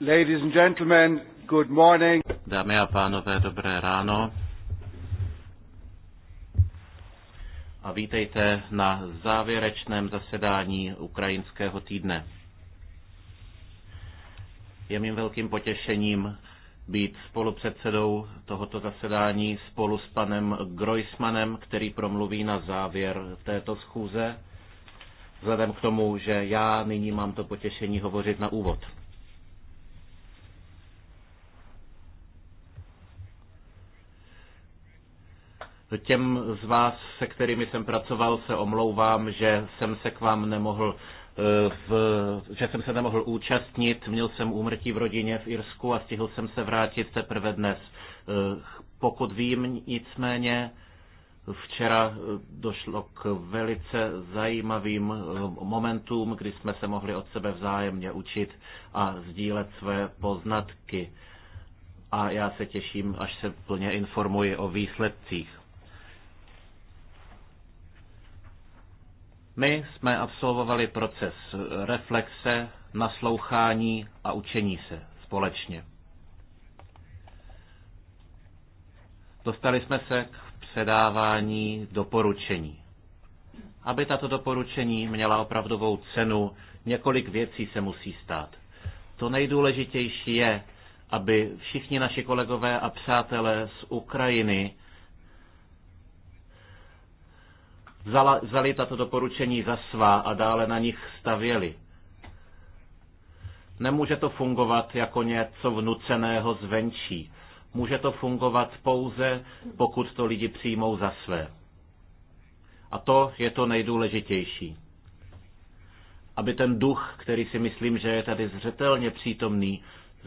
Ladies and gentlemen, good morning. Dámy a pánové, dobré ráno. A vítejte na závěrečném zasedání ukrajinského týdne. Je mým velkým potěšením být spolupředsedou tohoto zasedání spolu s panem Groismanem, který promluví na závěr této schůze vzhledem k tomu, že já nyní mám to potěšení hovořit na úvod. Těm z vás, se kterými jsem pracoval, se omlouvám, že jsem se k vám nemohl eh, v, že jsem se nemohl účastnit, měl jsem úmrtí v rodině v Irsku a stihl jsem se vrátit teprve dnes. Eh, pokud vím, nicméně Včera eh, došlo k velice zajímavým eh, momentům, kdy jsme se mohli od sebe vzájemně učit a sdílet své poznatky. A já se těším, až se plně informuji o výsledcích. My jsme absolvovali proces reflexe, naslouchání a učení se společně. Dostali jsme se k předávání doporučení. Aby tato doporučení měla opravdovou cenu, několik věcí se musí stát. To nejdůležitější je, aby všichni naši kolegové a přátelé z Ukrajiny vzali tato doporučení za svá a dále na nich stavěli. Nemůže to fungovat jako něco vnuceného zvenčí. Může to fungovat pouze, pokud to lidi přijmou za své. A to je to nejdůležitější. Aby ten duch, který si myslím, že je tady zřetelně přítomný,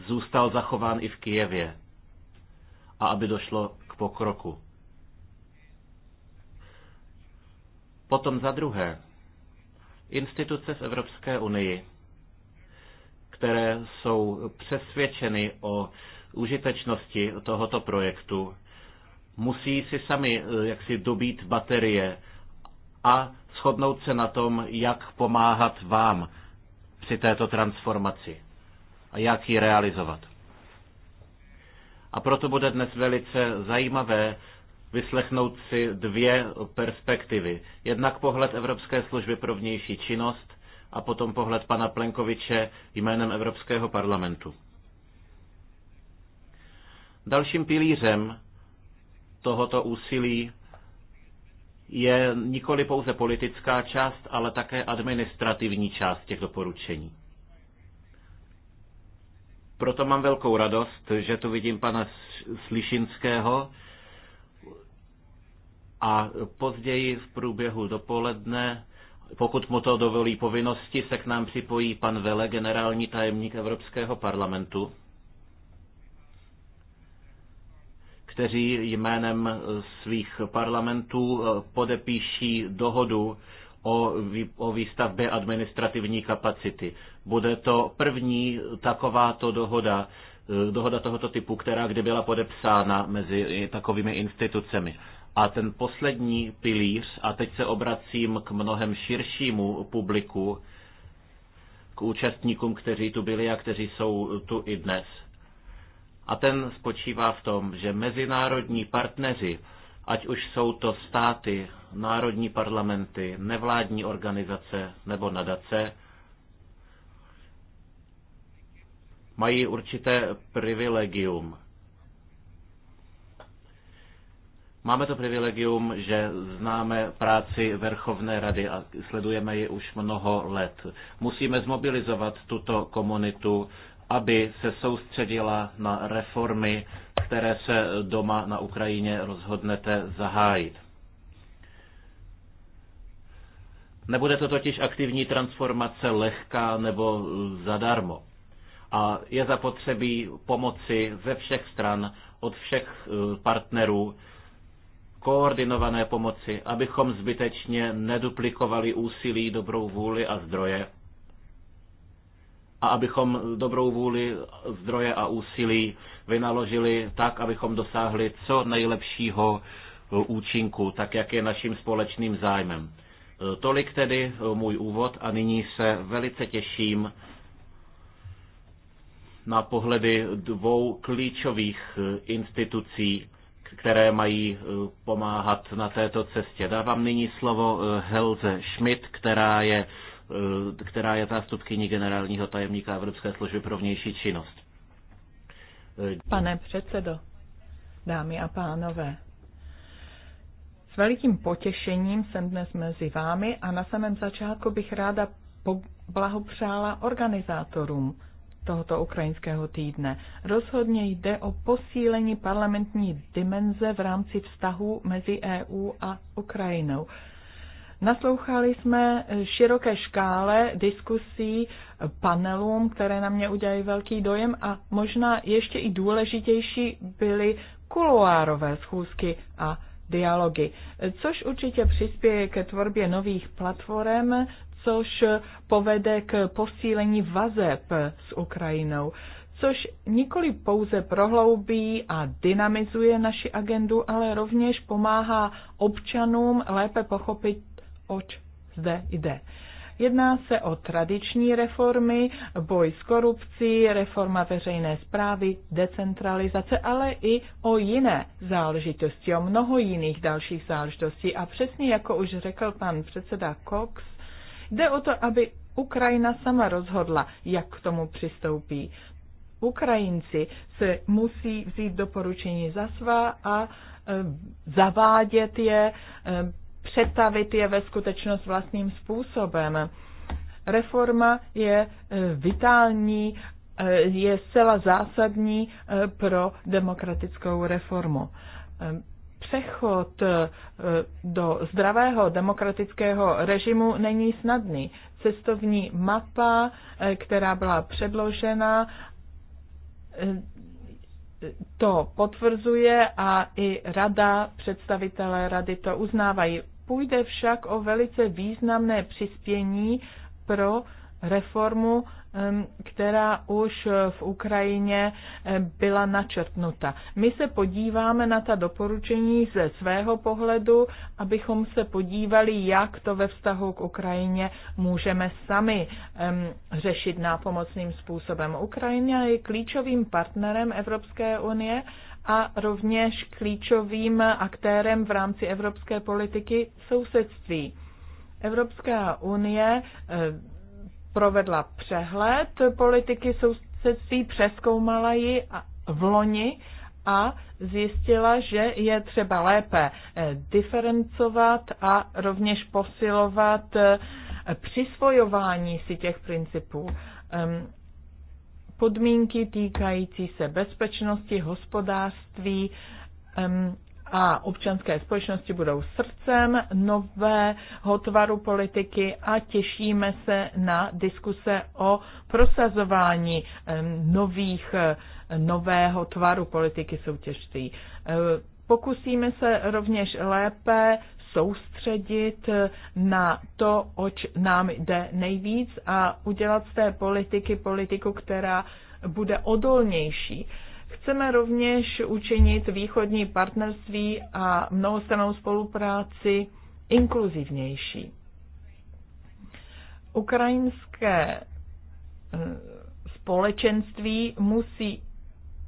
zůstal zachován i v Kijevě. A aby došlo k pokroku. Potom za druhé, instituce v Evropské unii, které jsou přesvědčeny o užitečnosti tohoto projektu musí si sami eh, jaksi dobít baterie a shodnout se na tom, jak pomáhat vám při této transformaci a jak ji realizovat. A proto bude dnes velice zajímavé vyslechnout si dvě perspektivy. Jednak pohled Evropské služby pro vnější činnost a potom pohled pana Plenkoviče jménem Evropského parlamentu. Dalším pilířem tohoto úsilí je nikoli pouze politická část, ale také administrativní část těch doporučení. Proto mám velkou radost, že tu vidím pana Slišinského a později v průběhu dopoledne, pokud mu to dovolí povinnosti, se k nám připojí pan Vele, generální tajemník Evropského parlamentu. kteří jménem svých parlamentů eh, podepíší dohodu o, o výstavbě administrativní kapacity. Bude to první takováto dohoda, eh, dohoda tohoto typu, která kdy byla podepsána mezi takovými institucemi. A ten poslední pilíř, a teď se obracím k mnohem širšímu publiku, k účastníkům, kteří tu byli a kteří jsou tu i dnes – a ten spočívá v tom, že mezinárodní partneři, ať už jsou to státy, národní parlamenty, nevládní organizace nebo nadace, mají určité privilegium. Máme to privilegium, že známe práci Verchovné rady a sledujeme ji už mnoho let. Musíme zmobilizovat tuto komunitu aby se soustředila na reformy, které se doma na Ukrajině rozhodnete zahájit. Nebude to totiž aktivní transformace lehká nebo zadarmo. A je zapotřebí pomoci ze všech stran, od všech e, partnerů, koordinované pomoci, abychom zbytečně neduplikovali úsilí, dobrou vůli a zdroje a abychom dobrou vůli, zdroje a úsilí vynaložili tak, abychom dosáhli co nejlepšího e, účinku, tak jak je naším společným zájmem. E, tolik tedy e, můj úvod a nyní se velice těším na pohledy dvou klíčových institucí, které mají pomáhat na této cestě. Dávám nyní slovo Helze Schmidt, která je Eh, která je zástupkyní generálního tajemníka Evropské služby pro vnější činnost. Eh, Pane předsedo, dámy a pánové, s velikým potěšením jsem dnes mezi vámi a na samém začátku bych ráda blahopřála organizátorům tohoto ukrajinského týdne. Rozhodně jde o posílení parlamentní dimenze v rámci vztahu mezi EU a Ukrajinou. Naslouchali jsme široké škále diskusí, panelům, které na mě udělají velký dojem a možná ještě i důležitější byly kuloárové schůzky a dialogy, což určitě přispěje ke tvorbě nových platform, což povede k posílení vazeb s Ukrajinou, což nikoli pouze prohloubí a dynamizuje naši agendu, ale rovněž pomáhá občanům lépe pochopit oč zde jde. Jedná se o tradiční reformy, boj s korupcí, reforma veřejné zprávy, decentralizace, ale i o jiné záležitosti, o mnoho jiných dalších záležitostí. A přesně jako už řekl pan předseda Cox, jde o to, aby Ukrajina sama rozhodla, jak k tomu přistoupí. Ukrajinci se musí vzít doporučení za svá a e, zavádět je, e, přetavit je ve skutečnost vlastním způsobem. Reforma je e, vitální, e, je zcela zásadní e, pro demokratickou reformu. Přechod do zdravého demokratického režimu není snadný. Cestovní mapa, která byla předložena, to potvrzuje a i rada, představitelé rady to uznávají. Půjde však o velice významné přispění pro reformu, která už v Ukrajině byla načrtnuta. My se podíváme na ta doporučení ze svého pohledu, abychom se podívali, jak to ve vztahu k Ukrajině můžeme sami řešit nápomocným způsobem. Ukrajina je klíčovým partnerem Evropské unie a rovněž klíčovým aktérem v rámci evropské politiky sousedství. Evropská unie eh, provedla přehled politiky sousedství, přeskoumala ji v loni a zjistila, že je třeba lépe eh, diferencovat a rovněž posilovat eh, přisvojování si těch principů. Ehm, podmínky týkající se bezpečnosti, hospodářství a občanské společnosti budou srdcem nového tvaru politiky a těšíme se na diskuse o prosazování nových, eh, nového tvaru politiky soutěžství. Eh, pokusíme se rovněž lépe soustředit na to, oč nám jde nejvíc a udělat z té politiky politiku, která bude odolnější. Chceme rovněž učinit východní partnerství a mnohostranou spolupráci inkluzivnější. Ukrajinské eh, společenství musí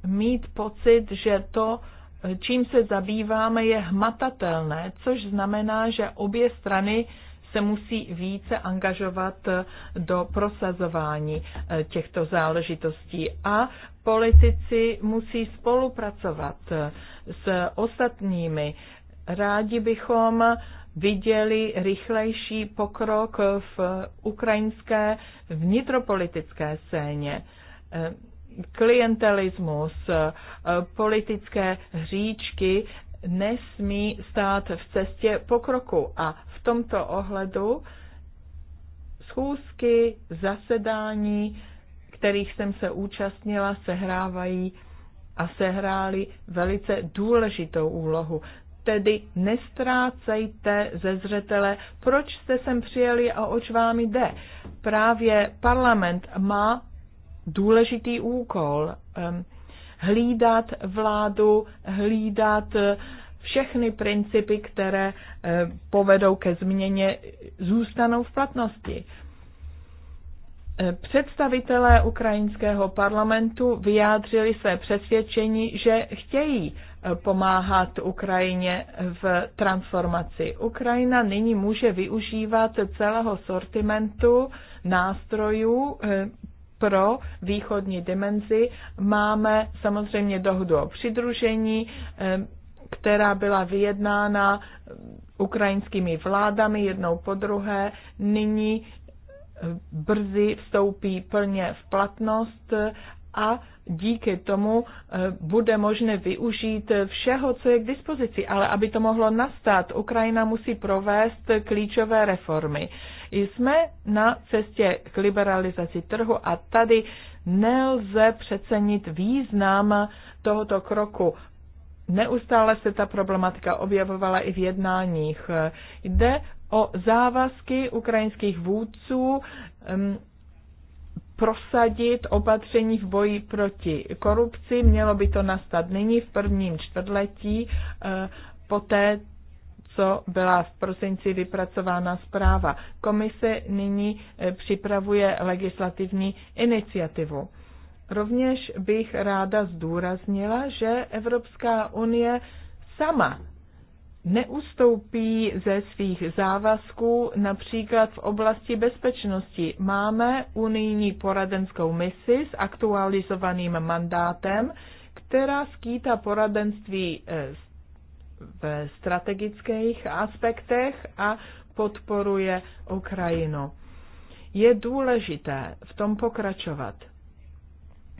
mít pocit, že to, čím se zabýváme, je hmatatelné, což znamená, že obě strany se musí více angažovat do prosazování eh, těchto záležitostí a politici musí spolupracovat eh, s ostatními. Rádi bychom viděli rychlejší pokrok v ukrajinské vnitropolitické scéně eh, klientelismus, eh, politické hříčky nesmí stát v cestě pokroku. A v tomto ohledu schůzky, zasedání, kterých jsem se účastnila, sehrávají a sehrály velice důležitou úlohu. Tedy nestrácejte ze zřetele, proč jste sem přijeli a oč vám jde. Právě parlament má důležitý úkol hlídat vládu, hlídat eh, všechny principy, které eh, povedou ke změně, zůstanou v platnosti. Eh, představitelé ukrajinského parlamentu vyjádřili své přesvědčení, že chtějí pomáhat Ukrajině v transformaci. Ukrajina nyní může využívat celého sortimentu nástrojů pro východní dimenzi. Máme samozřejmě dohodu o přidružení, která byla vyjednána ukrajinskými vládami jednou po druhé. Nyní brzy vstoupí plně v platnost a díky tomu eh, bude možné využít všeho, co je k dispozici. Ale aby to mohlo nastat, Ukrajina musí provést klíčové reformy. Jsme na cestě k liberalizaci trhu a tady nelze přecenit význam tohoto kroku. Neustále se ta problematika objevovala i v jednáních. Jde o závazky ukrajinských vůdců prosadit opatření v boji proti korupci. Mělo by to nastat nyní v prvním čtvrtletí eh, poté, co byla v prosinci vypracována zpráva. Komise nyní eh, připravuje legislativní iniciativu. Rovněž bych ráda zdůraznila, že Evropská unie sama neustoupí ze svých závazků, například v oblasti bezpečnosti. Máme unijní poradenskou misi s aktualizovaným mandátem, která skýtá poradenství eh, v strategických aspektech a podporuje Ukrajinu. Je důležité v tom pokračovat.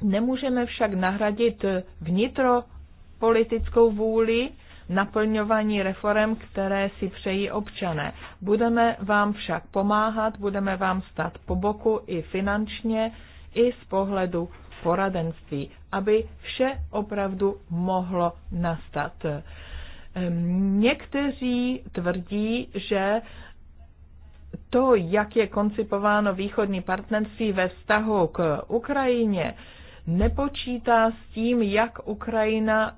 Nemůžeme však nahradit vnitropolitickou vůli, naplňování reform, které si přejí občané. Budeme vám však pomáhat, budeme vám stát po boku i finančně, i z pohledu poradenství, aby vše opravdu mohlo nastat. Ehm, někteří tvrdí, že to, jak je koncipováno východní partnerství ve vztahu k Ukrajině, nepočítá s tím, jak Ukrajina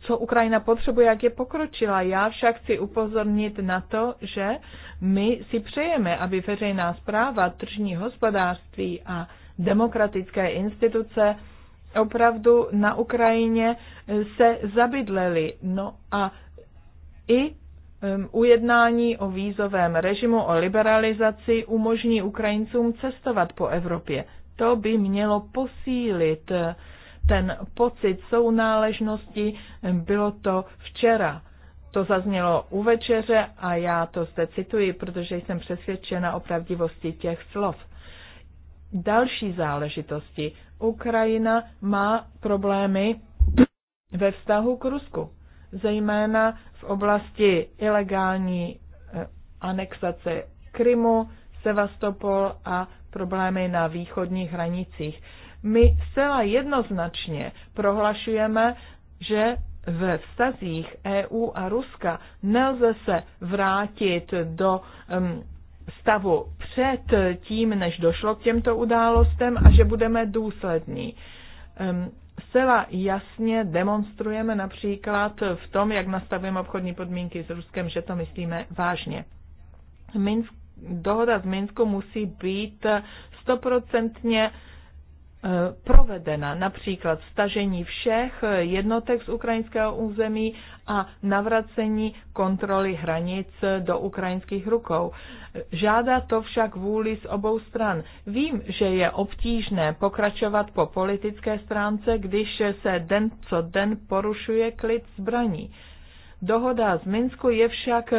co Ukrajina potřebuje, jak je pokročila. Já však chci upozornit na to, že my si přejeme, aby veřejná zpráva, tržní hospodářství a demokratické instituce opravdu na Ukrajině eh, se zabydlely. No a i ujednání o vízovém režimu, o liberalizaci umožní Ukrajincům cestovat po Evropě. To by mělo posílit eh, ten pocit sounáležnosti, bylo to včera. To zaznělo u večeře a já to zde cituji, protože jsem přesvědčena o pravdivosti těch slov. Další záležitosti. Ukrajina má problémy ve vztahu k Rusku, zejména v oblasti ilegální eh, anexace Krymu, Sevastopol a problémy na východních hranicích. My zcela jednoznačně prohlašujeme, že ve vztazích EU a Ruska nelze se vrátit do um, stavu před tím, než došlo k těmto událostem a že budeme důslední. Um, zcela jasně demonstrujeme například v tom, jak nastavujeme obchodní podmínky s Ruskem, že to myslíme vážně. Minsk, dohoda z Minsku musí být stoprocentně uh, provedena, například stažení všech jednotek z ukrajinského území a navracení kontroly hranic do ukrajinských rukou. Žádá to však vůli z obou stran. Vím, že je obtížné pokračovat po politické stránce, když se den co den porušuje klid zbraní. Dohoda z Minsku je však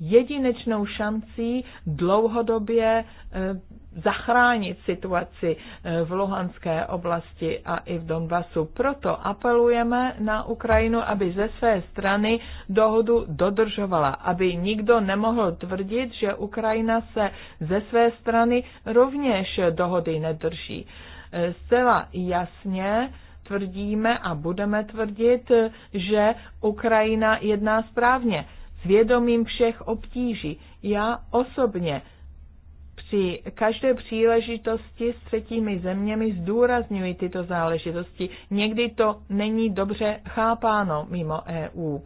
jedinečnou šancí dlouhodobě eh, zachránit situaci eh, v Luhanské oblasti a i v Donbasu. Proto apelujeme na Ukrajinu, aby ze své strany dohodu dodržovala, aby nikdo nemohl tvrdit, že Ukrajina se ze své strany rovněž dohody nedrží. Eh, zcela jasně tvrdíme a budeme tvrdit, že Ukrajina jedná správně, s vědomím všech obtíží. Já osobně při každé příležitosti s třetími zeměmi zdůrazňují tyto záležitosti. Někdy to není dobře chápáno mimo EU.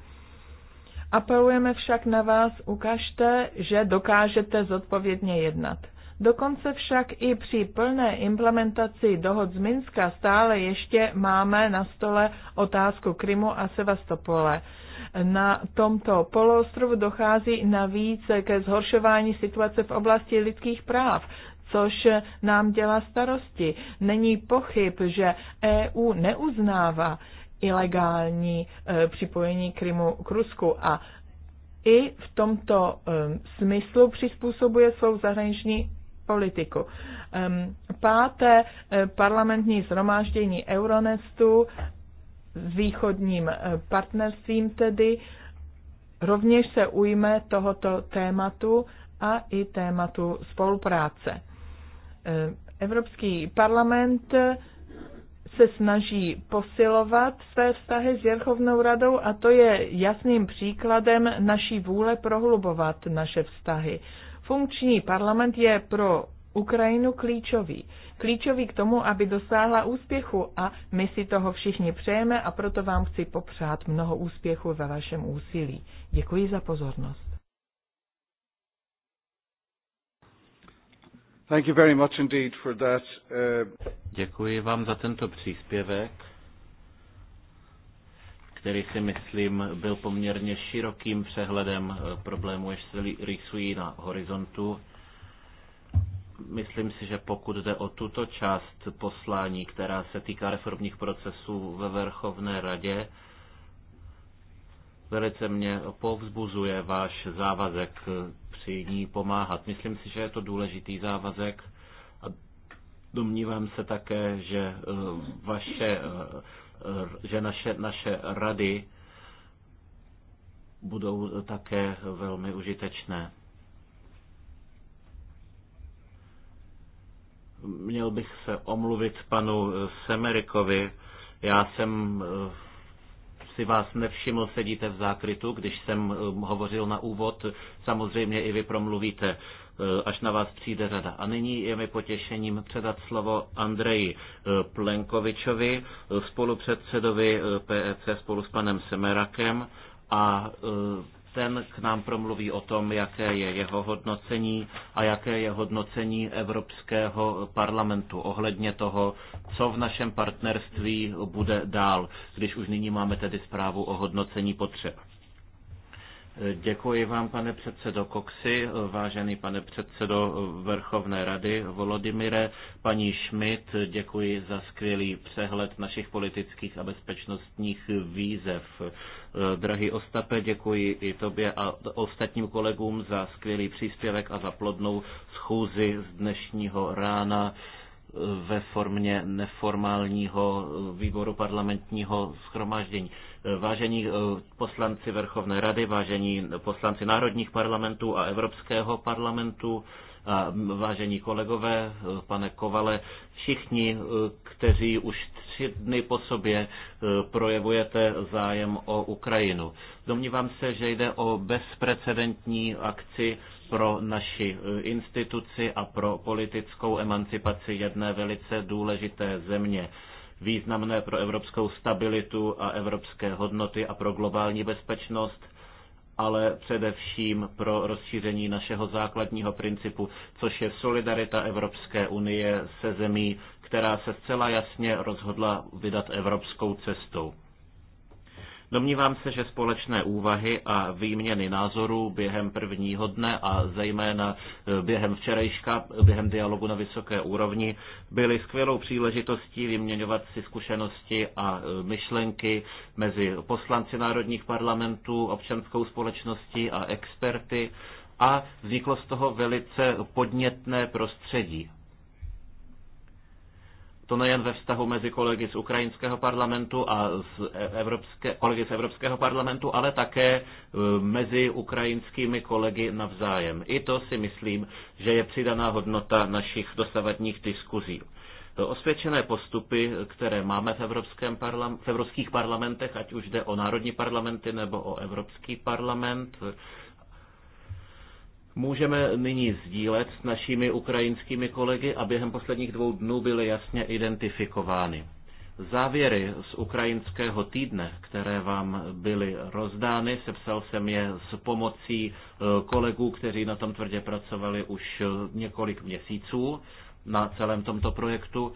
Apelujeme však na vás, ukažte, že dokážete zodpovědně jednat. Dokonce však i při plné implementaci dohod z Minska stále ještě máme na stole otázku Krymu a Sevastopole. Na tomto poloostrovu dochází navíc ke zhoršování situace v oblasti lidských práv což nám dělá starosti. Není pochyb, že EU neuznává ilegální e, připojení Krymu k Rusku a i v tomto e, smyslu přizpůsobuje svou zahraniční politiku. Páté eh, parlamentní zhromáždění Euronestu s východním eh, partnerstvím tedy rovněž se ujme tohoto tématu a i tématu spolupráce. Evropský parlament eh, se snaží posilovat své vztahy s Věrchovnou radou a to je jasným příkladem naší vůle prohlubovat naše vztahy. Funkční parlament je pro Ukrajinu klíčový. Klíčový k tomu, aby dosáhla úspěchu a my si toho všichni přejeme a proto vám chci popřát mnoho úspěchu ve vašem úsilí. Děkuji za pozornost. Uh, Děkuji vám za tento příspěvek který si myslím byl poměrně širokým přehledem eh, problémů, jež se rýsují na horizontu. Myslím si, že pokud jde o tuto část poslání, která se týká reformních procesů ve Verchovné radě, velice mě povzbuzuje váš závazek eh, při ní pomáhat. Myslím si, že je to důležitý závazek a domnívám se také, že eh, vaše že naše, naše rady budou také velmi užitečné. Měl bych se omluvit panu Semerikovi. Já jsem eh, si vás nevšiml, sedíte v zákrytu, když jsem eh, hovořil na úvod. Samozřejmě i vy promluvíte. Eh, až na vás přijde řada. A nyní je mi potěšením předat slovo Andreji eh, Plenkovičovi, eh, spolupředsedovi PEC spolu s panem Semerakem a ten k nám promluví o tom, jaké je jeho hodnocení a jaké je hodnocení Evropského parlamentu ohledně toho, co v našem partnerství bude dál, když už nyní máme tedy zprávu o hodnocení potřeb. Děkuji vám, pane předsedo Koxy, vážený pane předsedo Vrchovné rady Volodymyre, paní Schmidt, děkuji za skvělý přehled našich politických a bezpečnostních výzev. Drahý Ostape, děkuji i tobě a ostatním kolegům za skvělý příspěvek a za plodnou schůzi z dnešního rána ve formě neformálního výboru parlamentního schromáždění. Vážení eh, poslanci Verchovné rady, vážení poslanci národních parlamentů a Evropského parlamentu, a vážení kolegové, eh, pane Kovale, všichni, eh, kteří už tři dny po sobě projevujete zájem o Ukrajinu. Domnívám se, že jde o bezprecedentní akci pro naši instituci a pro politickou emancipaci jedné velice důležité země významné pro evropskou stabilitu a evropské hodnoty a pro globální bezpečnost, ale především pro rozšíření našeho základního principu, což je solidarita Evropské unie se zemí, která se zcela jasně rozhodla vydat evropskou cestou. Domnívám se, že společné úvahy a výměny názorů během prvního dne a zejména eh, během včerejška, během dialogu na vysoké úrovni, byly skvělou příležitostí vyměňovat si zkušenosti a eh, myšlenky mezi poslanci národních parlamentů, občanskou společností a experty a vzniklo z toho velice podnětné prostředí to nejen ve vztahu mezi kolegy z ukrajinského parlamentu a z evropské, kolegy z Evropského parlamentu, ale také e, mezi ukrajinskými kolegy navzájem. I to si myslím, že je přidaná hodnota našich dosavadních diskuzí. E, osvědčené postupy, které máme v, Evropském parlam- v evropských parlamentech, ať už jde o národní parlamenty nebo o Evropský parlament, můžeme nyní sdílet s našimi ukrajinskými kolegy a během posledních dvou dnů byly jasně identifikovány. Závěry z ukrajinského týdne, které vám byly rozdány, sepsal jsem je s pomocí e, kolegů, kteří na tom tvrdě pracovali už e, několik měsíců na celém tomto projektu.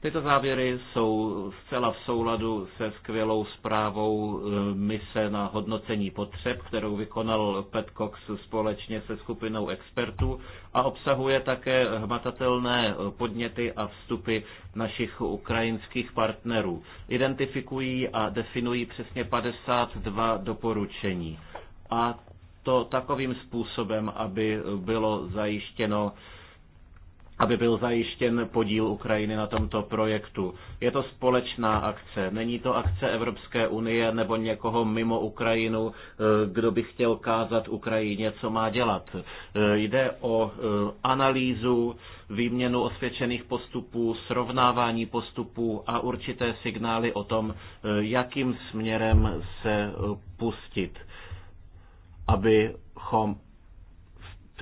Tyto závěry jsou zcela v souladu se skvělou zprávou eh, mise na hodnocení potřeb, kterou vykonal Pet Cox společně se skupinou expertů a obsahuje také hmatatelné podněty a vstupy našich ukrajinských partnerů. Identifikují a definují přesně 52 doporučení. A to takovým způsobem, aby bylo zajištěno aby byl zajištěn podíl Ukrajiny na tomto projektu. Je to společná akce, není to akce Evropské unie nebo někoho mimo Ukrajinu, eh, kdo by chtěl kázat Ukrajině, co má dělat. Eh, jde o eh, analýzu, výměnu osvědčených postupů, srovnávání postupů a určité signály o tom, jakým směrem se pustit, abychom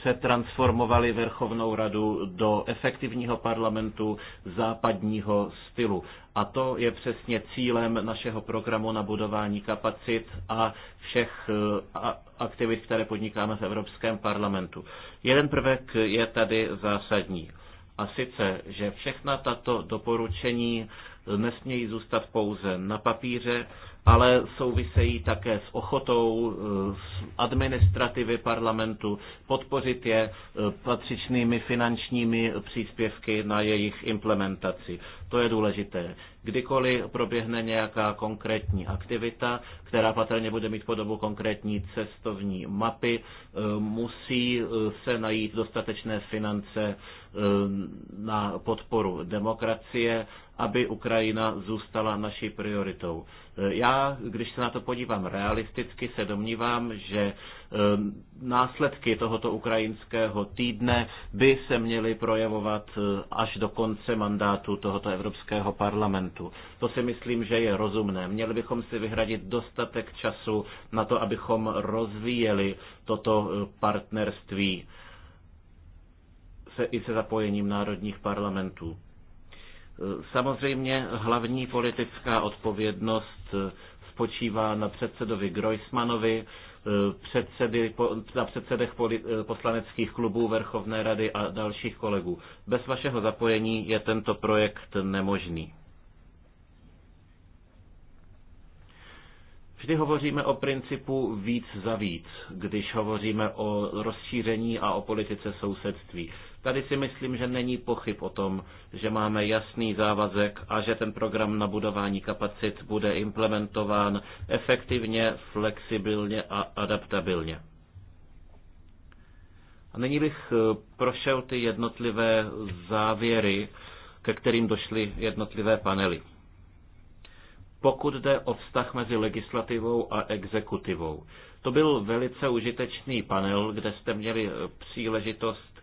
se transformovali Verchovnou radu do efektivního parlamentu západního stylu. A to je přesně cílem našeho programu na budování kapacit a všech eh, aktivit, které podnikáme v Evropském parlamentu. Jeden prvek je tady zásadní. A sice, že všechna tato doporučení nesmějí zůstat pouze na papíře, ale souvisejí také s ochotou eh, administrativy parlamentu podpořit je eh, patřičnými finančními příspěvky na jejich implementaci. To je důležité. Kdykoliv proběhne nějaká konkrétní aktivita, která patrně bude mít podobu konkrétní cestovní mapy, eh, musí se najít dostatečné finance na podporu demokracie aby Ukrajina zůstala naší prioritou. E, já, když se na to podívám realisticky, se domnívám, že e, následky tohoto ukrajinského týdne by se měly projevovat e, až do konce mandátu tohoto Evropského parlamentu. To si myslím, že je rozumné. Měli bychom si vyhradit dostatek času na to, abychom rozvíjeli toto partnerství se, i se zapojením národních parlamentů. Samozřejmě hlavní politická odpovědnost eh, spočívá na předsedovi Grojsmanovi, eh, předsedy, na předsedech eh, poslaneckých klubů Verchovné rady a dalších kolegů. Bez vašeho zapojení je tento projekt nemožný. Vždy hovoříme o principu víc za víc, když hovoříme o rozšíření a o politice sousedství. Tady si myslím, že není pochyb o tom, že máme jasný závazek a že ten program na budování kapacit bude implementován efektivně, flexibilně a adaptabilně. A nyní bych eh, prošel ty jednotlivé závěry, ke kterým došly jednotlivé panely. Pokud jde o vztah mezi legislativou a exekutivou, to byl velice užitečný panel, kde jste měli eh, příležitost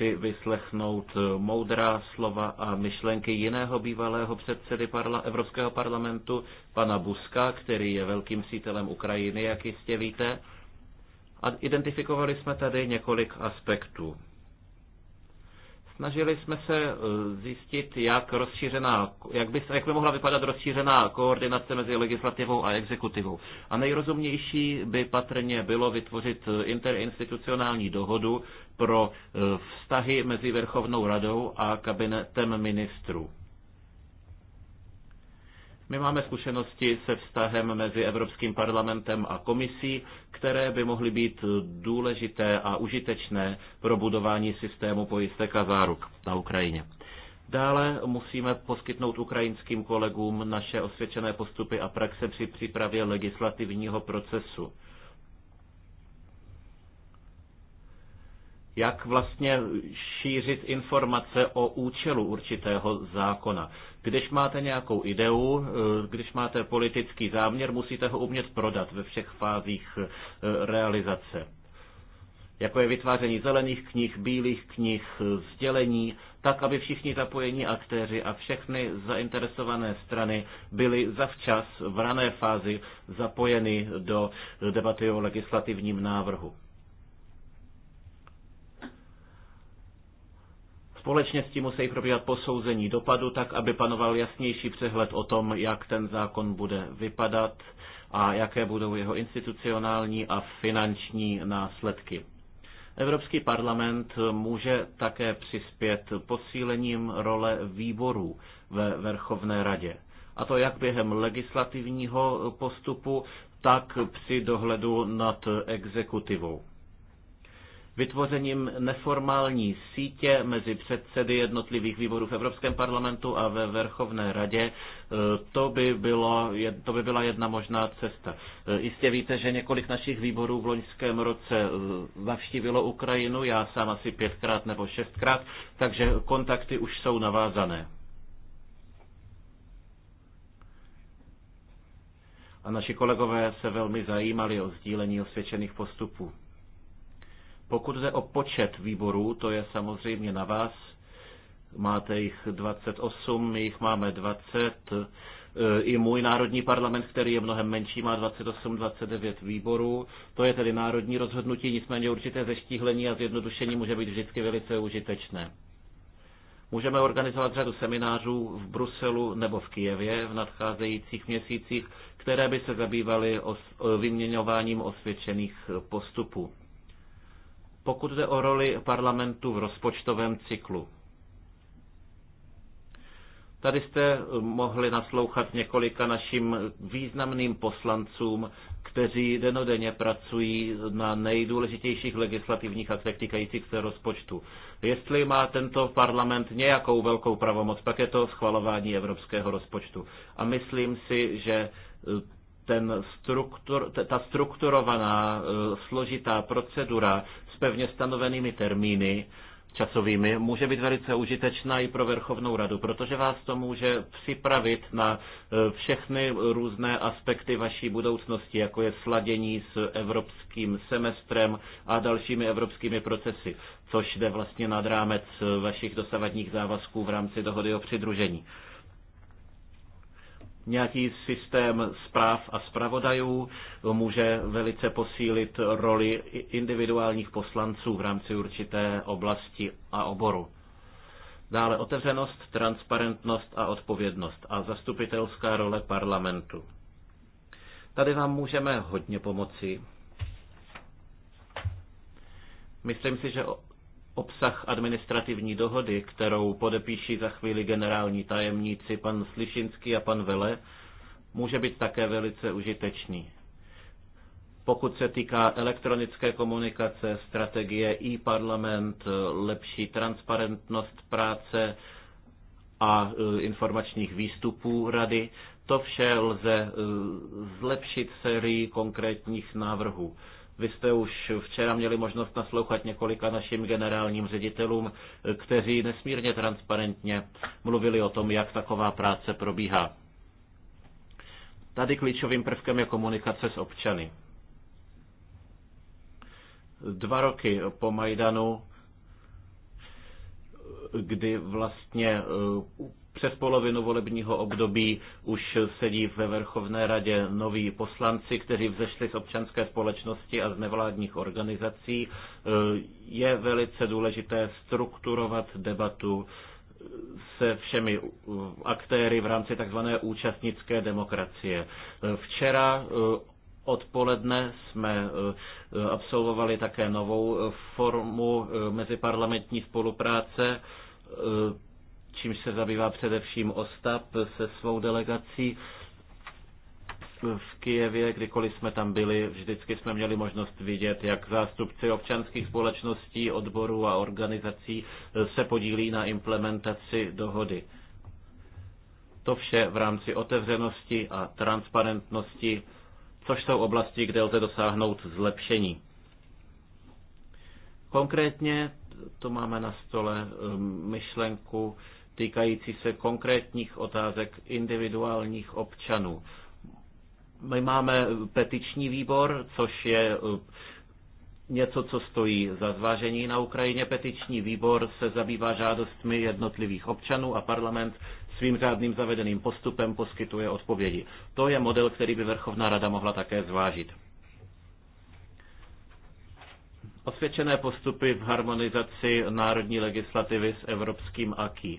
si vyslechnout moudrá slova a myšlenky jiného bývalého předsedy parla- Evropského parlamentu, pana Buska, který je velkým přítelem Ukrajiny, jak jistě víte. A identifikovali jsme tady několik aspektů. Snažili jsme se eh, zjistit, jak, rozšířená, jak, by, jak by mohla vypadat rozšířená koordinace mezi legislativou a exekutivou. A nejrozumnější by patrně bylo vytvořit eh, interinstitucionální dohodu, pro eh, vztahy mezi Verchovnou radou a kabinetem ministrů. My máme zkušenosti se vztahem mezi Evropským parlamentem a komisí, které by mohly být důležité a užitečné pro budování systému pojistek a záruk na Ukrajině. Dále musíme poskytnout ukrajinským kolegům naše osvědčené postupy a praxe při přípravě legislativního procesu. jak vlastně šířit informace o účelu určitého zákona. Když máte nějakou ideu, když máte politický záměr, musíte ho umět prodat ve všech fázích eh, realizace. Jako je vytváření zelených knih, bílých knih, eh, sdělení, tak, aby všichni zapojení aktéři a všechny zainteresované strany byly zavčas v rané fázi zapojeny do debaty o legislativním návrhu. Společně s tím musí probíhat posouzení dopadu, tak aby panoval jasnější přehled o tom, jak ten zákon bude vypadat a jaké budou jeho institucionální a finanční následky. Evropský parlament může také přispět posílením role výborů ve Verchovné radě. A to jak během legislativního postupu, tak při dohledu nad exekutivou vytvořením neformální sítě mezi předsedy jednotlivých výborů v Evropském parlamentu a ve Verchovné radě. E, to by, bylo, to by byla jedna možná cesta. E, jistě víte, že několik našich výborů v loňském roce e, navštívilo Ukrajinu, já sám asi pětkrát nebo šestkrát, takže kontakty už jsou navázané. A naši kolegové se velmi zajímali o sdílení osvědčených postupů. Pokud jde o počet výborů, to je samozřejmě na vás. Máte jich 28, my jich máme 20. E, I můj národní parlament, který je mnohem menší, má 28-29 výborů. To je tedy národní rozhodnutí, nicméně určité zeštíhlení a zjednodušení může být vždycky velice užitečné. Můžeme organizovat řadu seminářů v Bruselu nebo v Kijevě v nadcházejících měsících, které by se zabývaly vyměňováním osvědčených postupů. Pokud jde o roli parlamentu v rozpočtovém cyklu, Tady jste mohli naslouchat několika našim významným poslancům, kteří denodenně pracují na nejdůležitějších legislativních aktech týkajících se rozpočtu. Jestli má tento parlament nějakou velkou pravomoc, pak je to schvalování evropského rozpočtu. A myslím si, že eh, ten struktur, ta strukturovaná eh, složitá procedura pevně stanovenými termíny časovými může být velice užitečná i pro Verchovnou radu, protože vás to může připravit na e, všechny různé aspekty vaší budoucnosti, jako je sladění s evropským semestrem a dalšími evropskými procesy, což jde vlastně nad rámec vašich dosavadních závazků v rámci dohody o přidružení. Nějaký systém zpráv a zpravodajů může velice posílit roli individuálních poslanců v rámci určité oblasti a oboru. Dále otevřenost, transparentnost a odpovědnost a zastupitelská role parlamentu. Tady vám můžeme hodně pomoci. Myslím si, že obsah administrativní dohody, kterou podepíší za chvíli generální tajemníci pan Slišinský a pan Vele, může být také velice užitečný. Pokud se týká elektronické komunikace, strategie e-parlament, lepší transparentnost práce a e, informačních výstupů rady, to vše lze e, zlepšit sérií konkrétních návrhů. Vy jste už včera měli možnost naslouchat několika našim generálním ředitelům, kteří nesmírně transparentně mluvili o tom, jak taková práce probíhá. Tady klíčovým prvkem je komunikace s občany. Dva roky po Majdanu kdy vlastně eh, přes polovinu volebního období už sedí ve Verchovné radě noví poslanci, kteří vzešli z občanské společnosti a z nevládních organizací. Je velice důležité strukturovat debatu se všemi aktéry v rámci tzv. účastnické demokracie. Včera odpoledne jsme eh, absolvovali také novou formu eh, meziparlamentní spolupráce eh, čímž se zabývá především OSTAP se svou delegací v Kijevě, kdykoliv jsme tam byli, vždycky jsme měli možnost vidět, jak zástupci občanských společností, odborů a organizací se podílí na implementaci dohody. To vše v rámci otevřenosti a transparentnosti, což jsou oblasti, kde lze dosáhnout zlepšení. Konkrétně to máme na stole eh, myšlenku týkající se konkrétních otázek individuálních občanů. My máme petiční výbor, což je eh, něco, co stojí za zvážení na Ukrajině. Petiční výbor se zabývá žádostmi jednotlivých občanů a parlament svým řádným zavedeným postupem poskytuje odpovědi. To je model, který by Verchovná rada mohla také zvážit. Osvědčené postupy v harmonizaci národní legislativy s evropským AKI.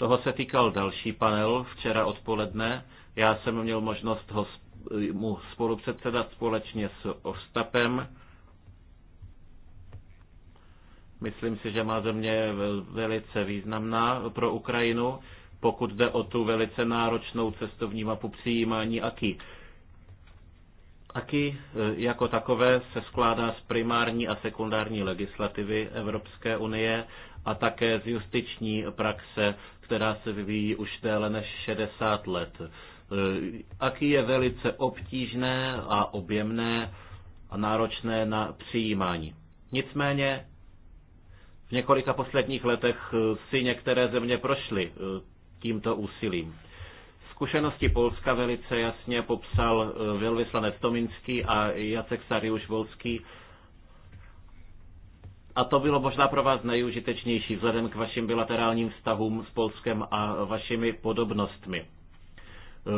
Toho se týkal další panel včera odpoledne. Já jsem měl možnost ho, mu spolupředsedat společně s Ostapem. Myslím si, že má země velice významná pro Ukrajinu, pokud jde o tu velice náročnou cestovní mapu přijímání AKI. AKI eh, jako takové se skládá z primární a sekundární legislativy Evropské unie a také z justiční praxe která se vyvíjí už déle než 60 let. E, Aký je velice obtížné a objemné a náročné na přijímání. Nicméně v několika posledních letech e, si některé země prošly e, tímto úsilím. Zkušenosti Polska velice jasně popsal velvyslanec Tominský a Jacek Sariuš Volský a to bylo možná pro vás nejužitečnější vzhledem k vašim bilaterálním vztahům s Polskem a vašimi podobnostmi.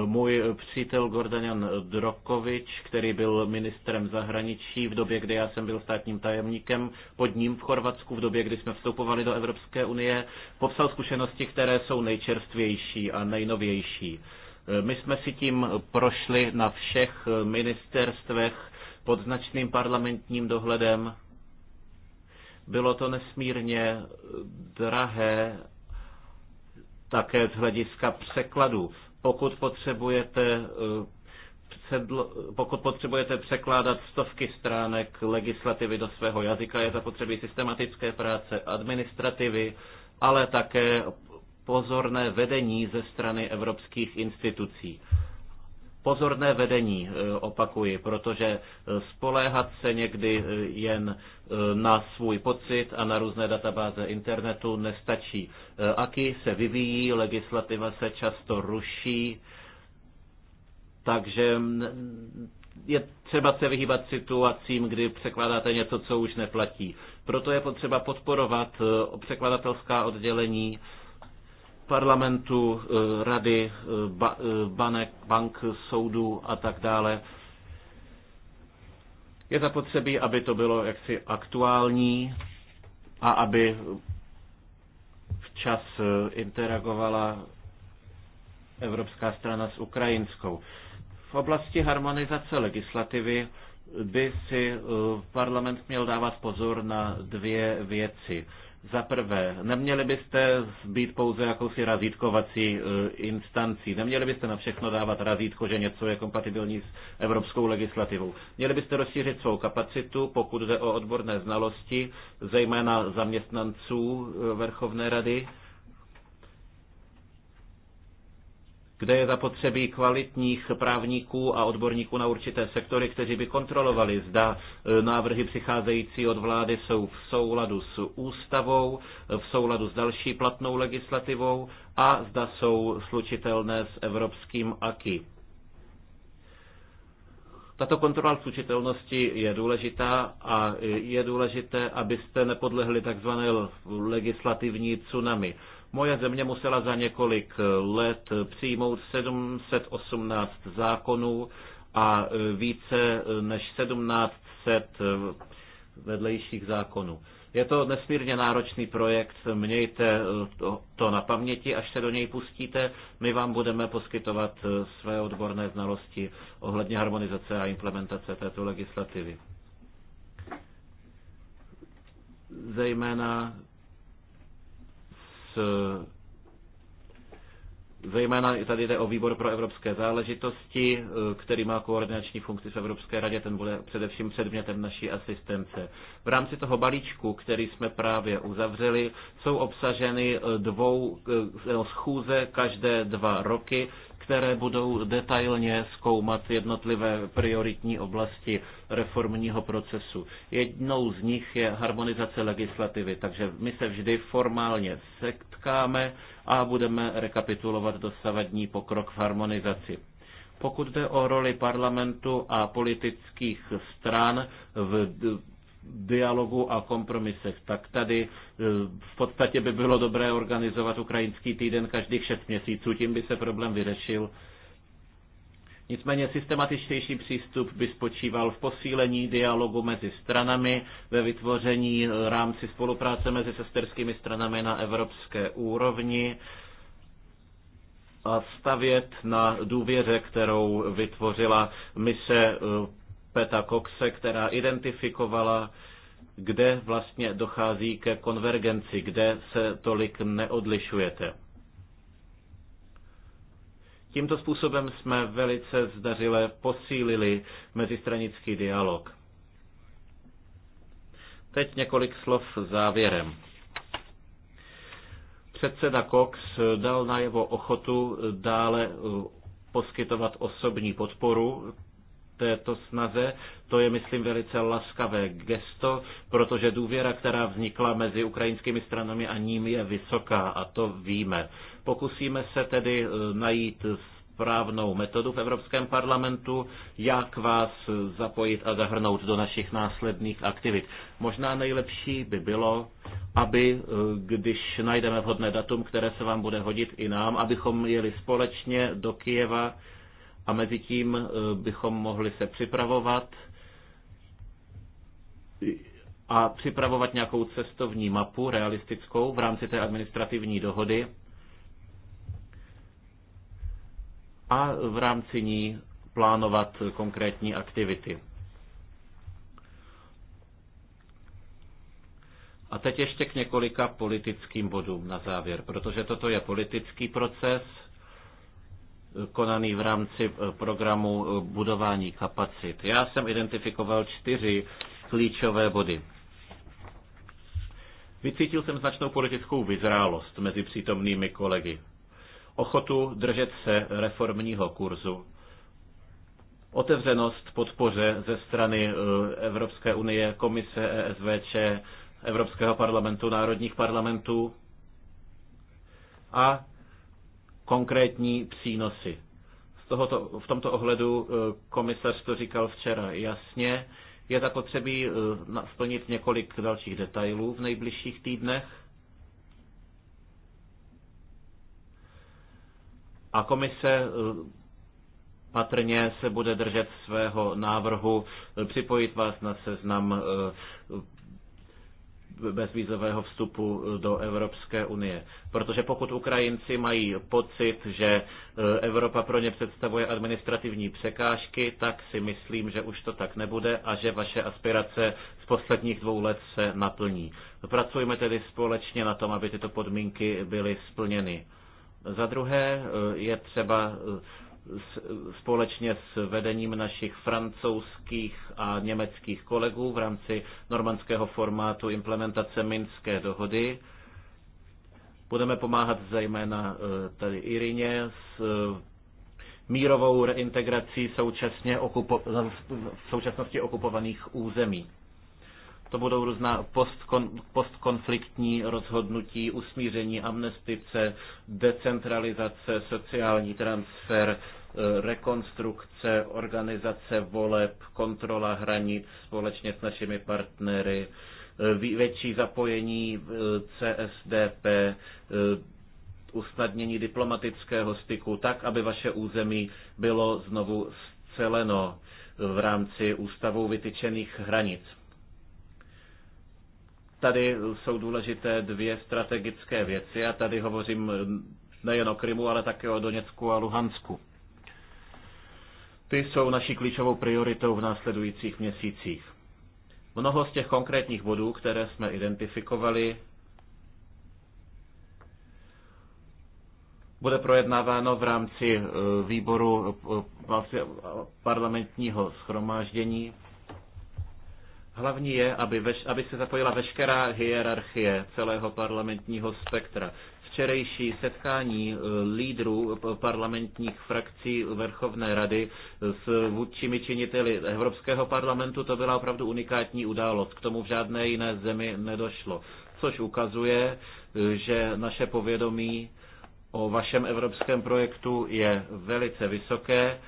Můj přítel Gordanian Drokovič, který byl ministrem zahraničí v době, kdy já jsem byl státním tajemníkem pod ním v Chorvatsku, v době, kdy jsme vstupovali do Evropské unie, popsal zkušenosti, které jsou nejčerstvější a nejnovější. My jsme si tím prošli na všech ministerstvech pod značným parlamentním dohledem bylo to nesmírně eh, drahé také z hlediska překladu. Pokud potřebujete eh, pokud potřebujete překládat stovky stránek legislativy do svého jazyka, je zapotřebí systematické práce, administrativy, ale také pozorné vedení ze strany evropských institucí pozorné vedení, eh, opakuji, protože eh, spoléhat se někdy eh, jen na svůj pocit a na různé databáze internetu nestačí. Aky se vyvíjí, legislativa se často ruší, takže mm, je třeba se vyhýbat situacím, kdy překládáte něco, co už neplatí. Proto je potřeba podporovat překladatelská oddělení, parlamentu, eh, rady, eh, eh, banek, bank, soudů a tak dále. Je zapotřebí, aby to bylo jaksi aktuální a aby včas interagovala Evropská strana s ukrajinskou. V oblasti harmonizace legislativy by si parlament měl dávat pozor na dvě věci. Za prvé, neměli byste být pouze jakousi razítkovací eh, instancí. Neměli byste na všechno dávat razítko, že něco je kompatibilní s evropskou legislativou. Měli byste rozšířit svou kapacitu, pokud jde o odborné znalosti, zejména zaměstnanců eh, Verchovné rady kde je zapotřebí kvalitních právníků a odborníků na určité sektory, kteří by kontrolovali, zda e, návrhy přicházející od vlády jsou v souladu s ústavou, v souladu s další platnou legislativou a zda jsou slučitelné s evropským AKI. Tato kontrola slučitelnosti je důležitá a je důležité, abyste nepodlehli takzvané legislativní tsunami. Moje země musela za několik eh, let eh, přijmout 718 zákonů a eh, více než 1700 vedlejších zákonů. Je to nesmírně náročný projekt, mějte to, to na paměti, až se do něj pustíte. My vám budeme poskytovat své odborné znalosti ohledně harmonizace a implementace této legislativy. Zejména Eh, zejména tady jde o výbor pro evropské záležitosti, eh, který má koordinační funkci v Evropské radě, ten bude především předmětem naší asistence. V rámci toho balíčku, který jsme právě uzavřeli, jsou obsaženy eh, dvou no, schůze každé dva roky které budou detailně zkoumat jednotlivé prioritní oblasti reformního procesu. Jednou z nich je harmonizace legislativy, takže my se vždy formálně setkáme a budeme rekapitulovat dosavadní pokrok v harmonizaci. Pokud jde o roli parlamentu a politických stran v dialogu a kompromisech, tak tady e, v podstatě by bylo dobré organizovat ukrajinský týden každých šest měsíců, tím by se problém vyřešil. Nicméně systematičtější přístup by spočíval v posílení dialogu mezi stranami, ve vytvoření e, rámci spolupráce mezi sesterskými stranami na evropské úrovni a stavět na důvěře, kterou vytvořila mise e, Peta Coxe, která identifikovala, kde vlastně dochází ke konvergenci, kde se tolik neodlišujete. Tímto způsobem jsme velice zdařile posílili mezistranický dialog. Teď několik slov závěrem. Předseda Cox dal najevo ochotu dále poskytovat osobní podporu této snaze. To je, myslím, velice laskavé gesto, protože důvěra, která vznikla mezi ukrajinskými stranami a ním je vysoká a to víme. Pokusíme se tedy eh, najít správnou metodu v Evropském parlamentu, jak vás zapojit a zahrnout do našich následných aktivit. Možná nejlepší by bylo, aby, eh, když najdeme vhodné datum, které se vám bude hodit i nám, abychom jeli společně do Kijeva a mezi tím eh, bychom mohli se připravovat a připravovat nějakou cestovní mapu realistickou v rámci té administrativní dohody a v rámci ní plánovat konkrétní aktivity. A teď ještě k několika politickým bodům na závěr, protože toto je politický proces – konaný v rámci eh, programu eh, budování kapacit. Já jsem identifikoval čtyři klíčové body. Vycítil jsem značnou politickou vyzrálost mezi přítomnými kolegy. Ochotu držet se reformního kurzu. Otevřenost podpoře ze strany eh, Evropské unie, komise ESVČ, Evropského parlamentu, národních parlamentů a konkrétní přínosy. Z tohoto, v tomto ohledu eh, komisař to říkal včera jasně. Je zapotřebí eh, splnit několik dalších detailů v nejbližších týdnech. A komise eh, patrně se bude držet svého návrhu připojit vás na seznam bezvízového vstupu do Evropské unie. Protože pokud Ukrajinci mají pocit, že e, Evropa pro ně představuje administrativní překážky, tak si myslím, že už to tak nebude a že vaše aspirace z posledních dvou let se naplní. Pracujeme tedy společně na tom, aby tyto podmínky byly splněny. Za druhé e, je třeba e, společně s vedením našich francouzských a německých kolegů v rámci normandského formátu implementace Minské dohody. Budeme pomáhat zejména e, tady Irině s e, mírovou reintegrací současně okupo- v současnosti okupovaných území. To budou různá postkon, postkonfliktní rozhodnutí, usmíření, amnestice, decentralizace, sociální transfer, e, rekonstrukce, organizace voleb, kontrola hranic společně s našimi partnery, e, větší zapojení e, CSDP, usnadnění diplomatického styku tak, aby vaše území bylo znovu zceleno v rámci ústavou vytyčených hranic. Tady jsou důležité dvě strategické věci a tady hovořím nejen o Krymu, ale také o Doněcku a Luhansku. Ty jsou naší klíčovou prioritou v následujících měsících. Mnoho z těch konkrétních bodů, které jsme identifikovali, bude projednáváno v rámci eh, výboru eh, vlastně, eh, parlamentního schromáždění Hlavní je, aby, veš, aby se zapojila veškerá hierarchie celého parlamentního spektra. Včerejší setkání eh, lídrů parlamentních frakcí Verchovné rady eh, s vůdčími činiteli Evropského parlamentu, to byla opravdu unikátní událost. K tomu v žádné jiné zemi nedošlo. Což ukazuje, eh, že naše povědomí o vašem evropském projektu je velice vysoké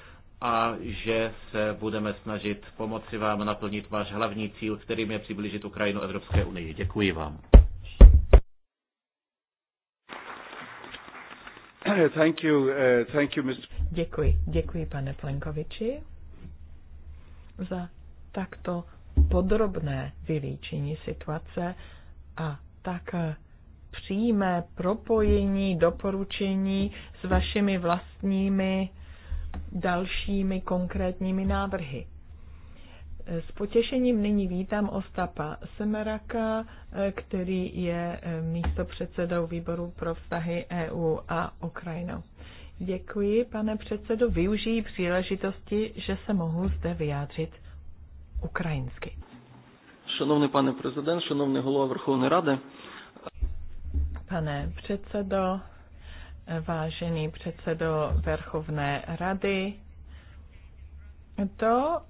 a že se budeme snažit pomoci vám naplnit váš hlavní cíl, kterým je přiblížit Ukrajinu Evropské unii. Děkuji vám. Thank you, uh, thank you, Mr. Děkuji, děkuji pane Plenkoviči za takto podrobné vylíčení situace a tak eh, přímé propojení doporučení s vašimi vlastními dalšími konkrétními návrhy. S potěšením nyní vítám Ostapa Semeraka, eh, který je eh, místopředsedou výboru pro vztahy EU a Ukrajinu. Děkuji, pane předsedo. Využijí příležitosti, že se mohu zde vyjádřit ukrajinsky. Šanovný pane prezident, šanovný hlava Vrchovné rady. Pane předsedo, vážený předsedo Verchovné rady. To,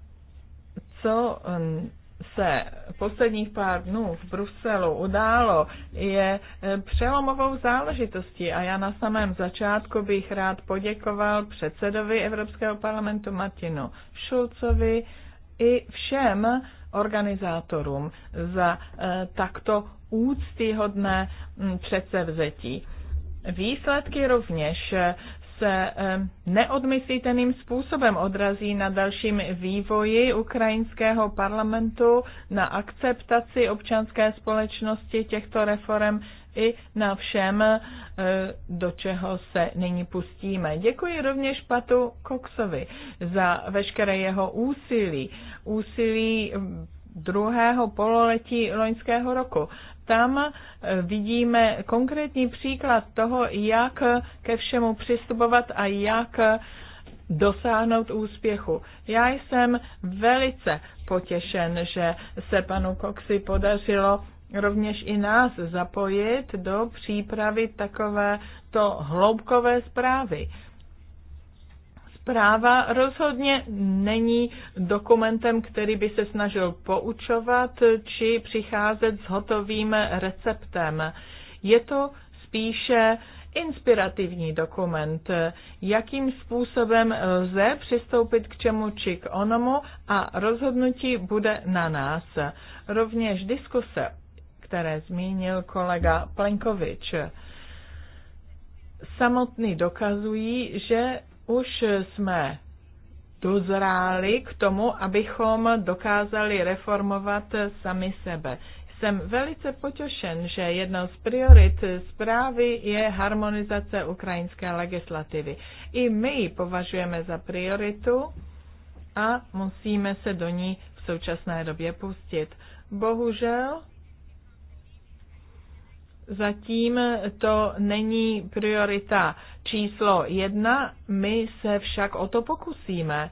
co mm, se posledních pár dnů v Bruselu událo, je eh, přelomovou záležitostí a já na samém začátku bych rád poděkoval předsedovi Evropského parlamentu Martinu Šulcovi i všem organizátorům za eh, takto úctyhodné mm, předsevzetí výsledky rovněž se eh, neodmyslitelným způsobem odrazí na dalším vývoji ukrajinského parlamentu, na akceptaci občanské společnosti těchto reform i na všem, eh, do čeho se nyní pustíme. Děkuji rovněž Patu Koksovi za veškeré jeho úsilí, úsilí druhého pololetí loňského roku tam eh, vidíme konkrétní příklad toho, jak ke všemu přistupovat a jak eh, dosáhnout úspěchu. Já jsem velice potěšen, že se panu Koxi podařilo rovněž i nás zapojit do přípravy takovéto hloubkové zprávy. Zpráva rozhodně není dokumentem, který by se snažil poučovat či přicházet s hotovým receptem. Je to spíše inspirativní dokument, jakým způsobem lze přistoupit k čemu či k onomu a rozhodnutí bude na nás. Rovněž diskuse, které zmínil kolega Plenkovič, samotný dokazují, že už jsme dozráli k tomu, abychom dokázali reformovat sami sebe. Jsem velice potěšen, že jednou z priorit zprávy je harmonizace ukrajinské legislativy. I my ji považujeme za prioritu a musíme se do ní v současné době pustit. Bohužel Zatím to není priorita číslo jedna, my se však o to pokusíme.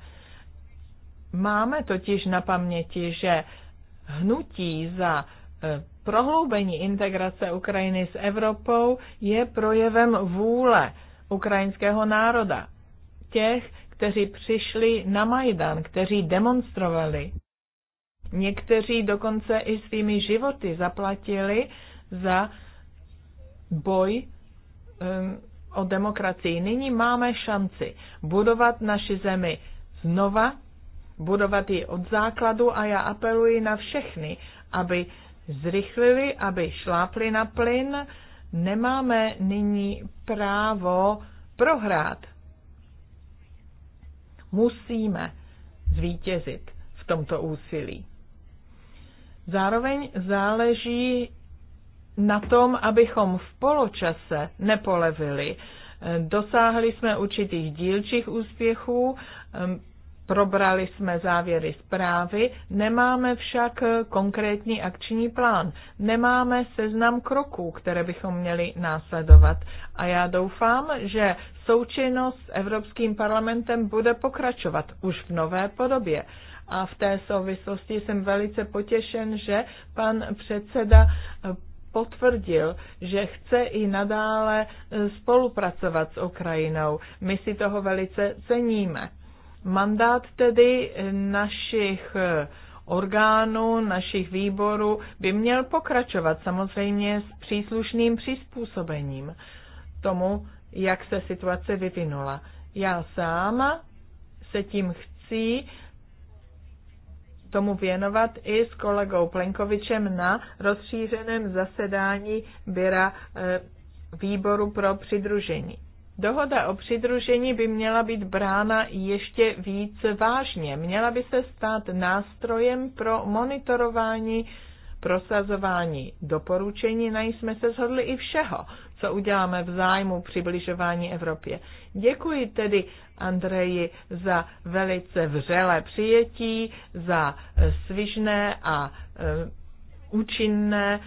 Máme totiž na paměti, že hnutí za e, prohloubení integrace Ukrajiny s Evropou je projevem vůle ukrajinského národa. Těch, kteří přišli na Majdan, kteří demonstrovali. Někteří dokonce i svými životy zaplatili za boj um, o demokracii. Nyní máme šanci budovat naši zemi znova, budovat ji od základu a já apeluji na všechny, aby zrychlili, aby šlápli na plyn. Nemáme nyní právo prohrát. Musíme zvítězit v tomto úsilí. Zároveň záleží na tom, abychom v poločase nepolevili. E, dosáhli jsme určitých dílčích úspěchů, e, probrali jsme závěry zprávy, nemáme však konkrétní akční plán, nemáme seznam kroků, které bychom měli následovat. A já doufám, že součinnost s Evropským parlamentem bude pokračovat už v nové podobě. A v té souvislosti jsem velice potěšen, že pan předseda potvrdil, že chce i nadále e, spolupracovat s Ukrajinou. My si toho velice ceníme. Mandát tedy e, našich e, orgánů, našich výborů by měl pokračovat samozřejmě s příslušným přizpůsobením tomu, jak se situace vyvinula. Já sama se tím chci tomu věnovat i s kolegou Plenkovičem na rozšířeném zasedání Byra eh, výboru pro přidružení. Dohoda o přidružení by měla být brána ještě víc vážně. Měla by se stát nástrojem pro monitorování prosazování doporučení, na jsme se shodli i všeho co uděláme v zájmu přibližování Evropě. Děkuji tedy Andreji za velice vřelé přijetí, za svižné a eh, účinné e,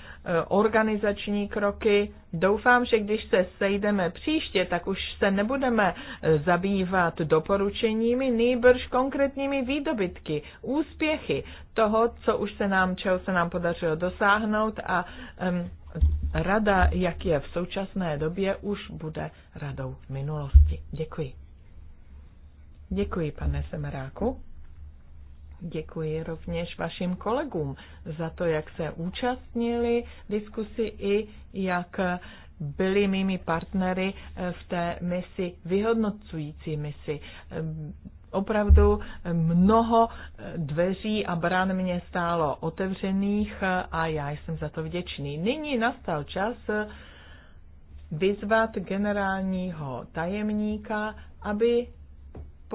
organizační kroky. Doufám, že když se sejdeme příště, tak už se nebudeme e, zabývat doporučeními, nýbrž konkrétními výdobytky, úspěchy toho, co už se nám, čeho se nám podařilo dosáhnout a um, rada, jak je v současné době, už bude radou minulosti. Děkuji. Děkuji, pane Semeráku. Děkuji rovněž vašim kolegům za to, jak se účastnili diskusi i jak byli mými partnery eh, v té misi, vyhodnocující misi. Eh, opravdu eh, mnoho dveří a brán mě stálo otevřených a já jsem za to vděčný. Nyní nastal čas vyzvat generálního tajemníka, aby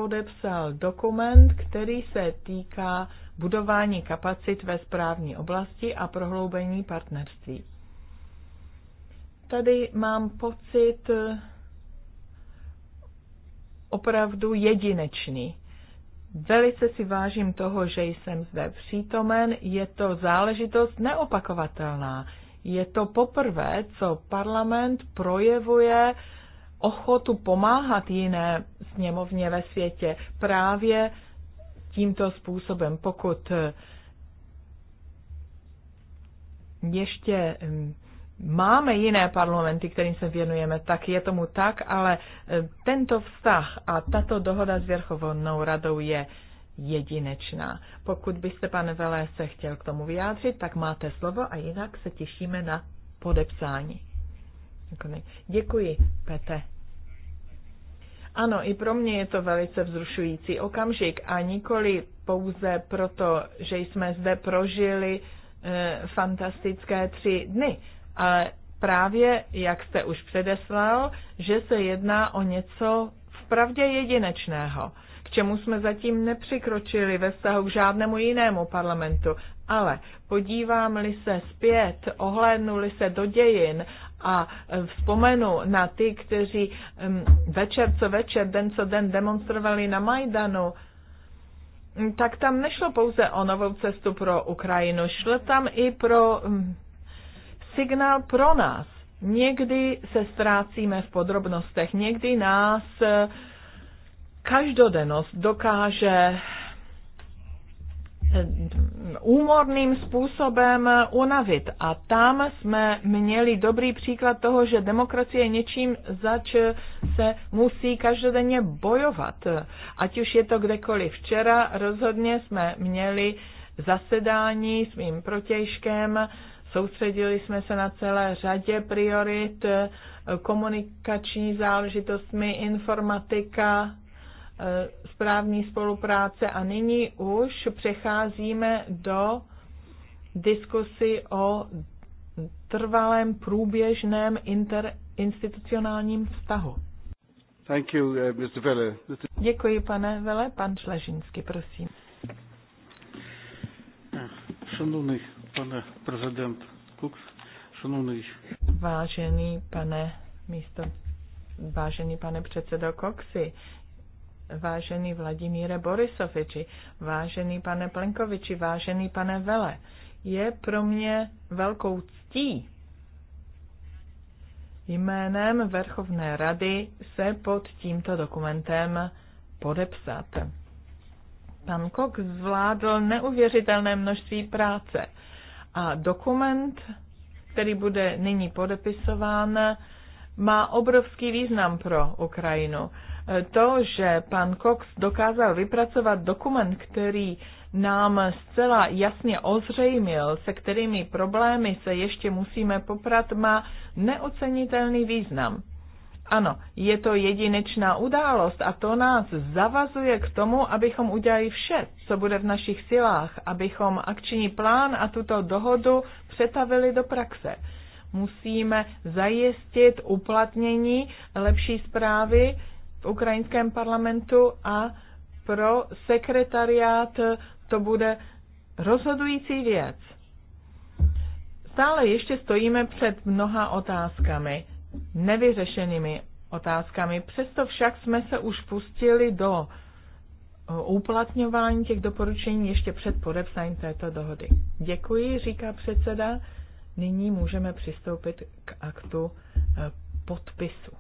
podepsal dokument, který se týká budování kapacit ve správní oblasti a prohloubení partnerství. Tady mám pocit eh, opravdu jedinečný. Velice si vážím toho, že jsem zde přítomen. Je to záležitost neopakovatelná. Je to poprvé, co parlament projevuje uh, ochotu pomáhat jiné sněmovně ve světě právě tímto způsobem. Pokud eh, ještě eh, máme jiné parlamenty, kterým se věnujeme, tak je tomu tak, ale eh, tento vztah a tato dohoda s Věrchovodnou radou je jedinečná. Pokud byste, pane Velé, se chtěl k tomu vyjádřit, tak máte slovo a jinak se těšíme na podepsání. Jako Děkuji, Pete. Ano, i pro mě je to velice vzrušující okamžik a nikoli pouze proto, že jsme zde prožili e, fantastické tři dny, ale právě, jak jste už předeslal, že se jedná o něco vpravdě jedinečného, k čemu jsme zatím nepřikročili ve vztahu k žádnému jinému parlamentu. Ale podívám-li se zpět, ohlédnu-li se do dějin a e, vzpomenu na ty, kteří večer co večer, den co den demonstrovali na Majdanu, tak tam nešlo pouze o novou cestu pro Ukrajinu, šlo tam i pro signál pro nás. Někdy se ztrácíme v podrobnostech, někdy nás e, každodennost dokáže Eh, úmorným způsobem unavit. A tam jsme měli dobrý příklad toho, že demokracie je něčím, zač se musí každodenně bojovat. Ať už je to kdekoliv. Včera rozhodně jsme měli zasedání s mým protějškem, soustředili jsme se na celé řadě priorit, eh, komunikační záležitostmi, informatika, Eh, správní spolupráce a nyní už přecházíme do diskusy o trvalém průběžném interinstitucionálním vztahu. Thank you, uh, Mr. Vele. Děkuji, pane Vele. Pan Šležinský, prosím. Šanovný pane prezident Kuk, šanovný. Vážený pane místo, vážený pane předsedo Koksi, vážený Vladimíre Borisoviči, vážený pane Plenkoviči, vážený pane Vele. Je pro mě velkou ctí jménem Verchovné rady se pod tímto dokumentem podepsat. Pan Kok zvládl neuvěřitelné množství práce a dokument, který bude nyní podepisován, má obrovský význam pro Ukrajinu. E, to, že pan Cox dokázal vypracovat dokument, který nám zcela jasně ozřejmil, se kterými problémy se ještě musíme poprat, má neocenitelný význam. Ano, je to jedinečná událost a to nás zavazuje k tomu, abychom udělali vše, co bude v našich silách, abychom akční plán a tuto dohodu přetavili do praxe musíme zajistit uplatnění lepší zprávy v ukrajinském parlamentu a pro sekretariát to bude rozhodující věc. Stále ještě stojíme před mnoha otázkami, nevyřešenými otázkami. Přesto však jsme se už pustili do uplatňování těch doporučení ještě před podepsáním této dohody. Děkuji, říká předseda. Nyní můžeme přistoupit k aktu eh, podpisu.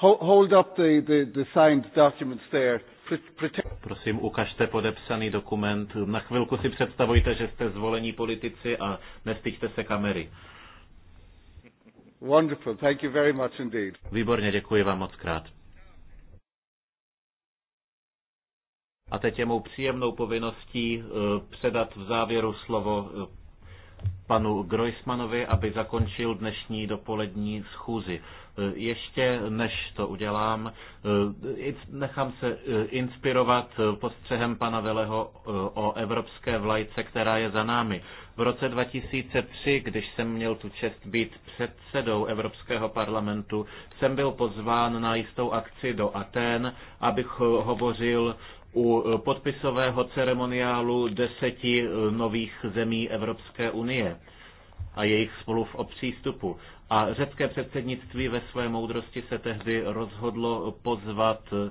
Hold up the, the, the signed documents there. Prosím, ukažte podepsaný dokument. Na chvilku si představujte, že jste zvolení politici a nestyďte se kamery. Wonderful. Thank you very much indeed. Výborně, děkuji vám moc krát. A teď je mou příjemnou povinností uh, předat v závěru slovo uh, panu Groismanovi, aby zakončil dnešní dopolední schůzi. E, ještě než to udělám, e, nechám se e, inspirovat postřehem pana Veleho o evropské vlajce, která je za námi. V roce 2003, když jsem měl tu čest být předsedou Evropského parlamentu, jsem byl pozván na jistou akci do Aten, abych hovořil u eh, podpisového ceremoniálu deseti eh, nových zemí Evropské unie a jejich spolu v přístupu. A řecké předsednictví ve své moudrosti se tehdy rozhodlo pozvat eh,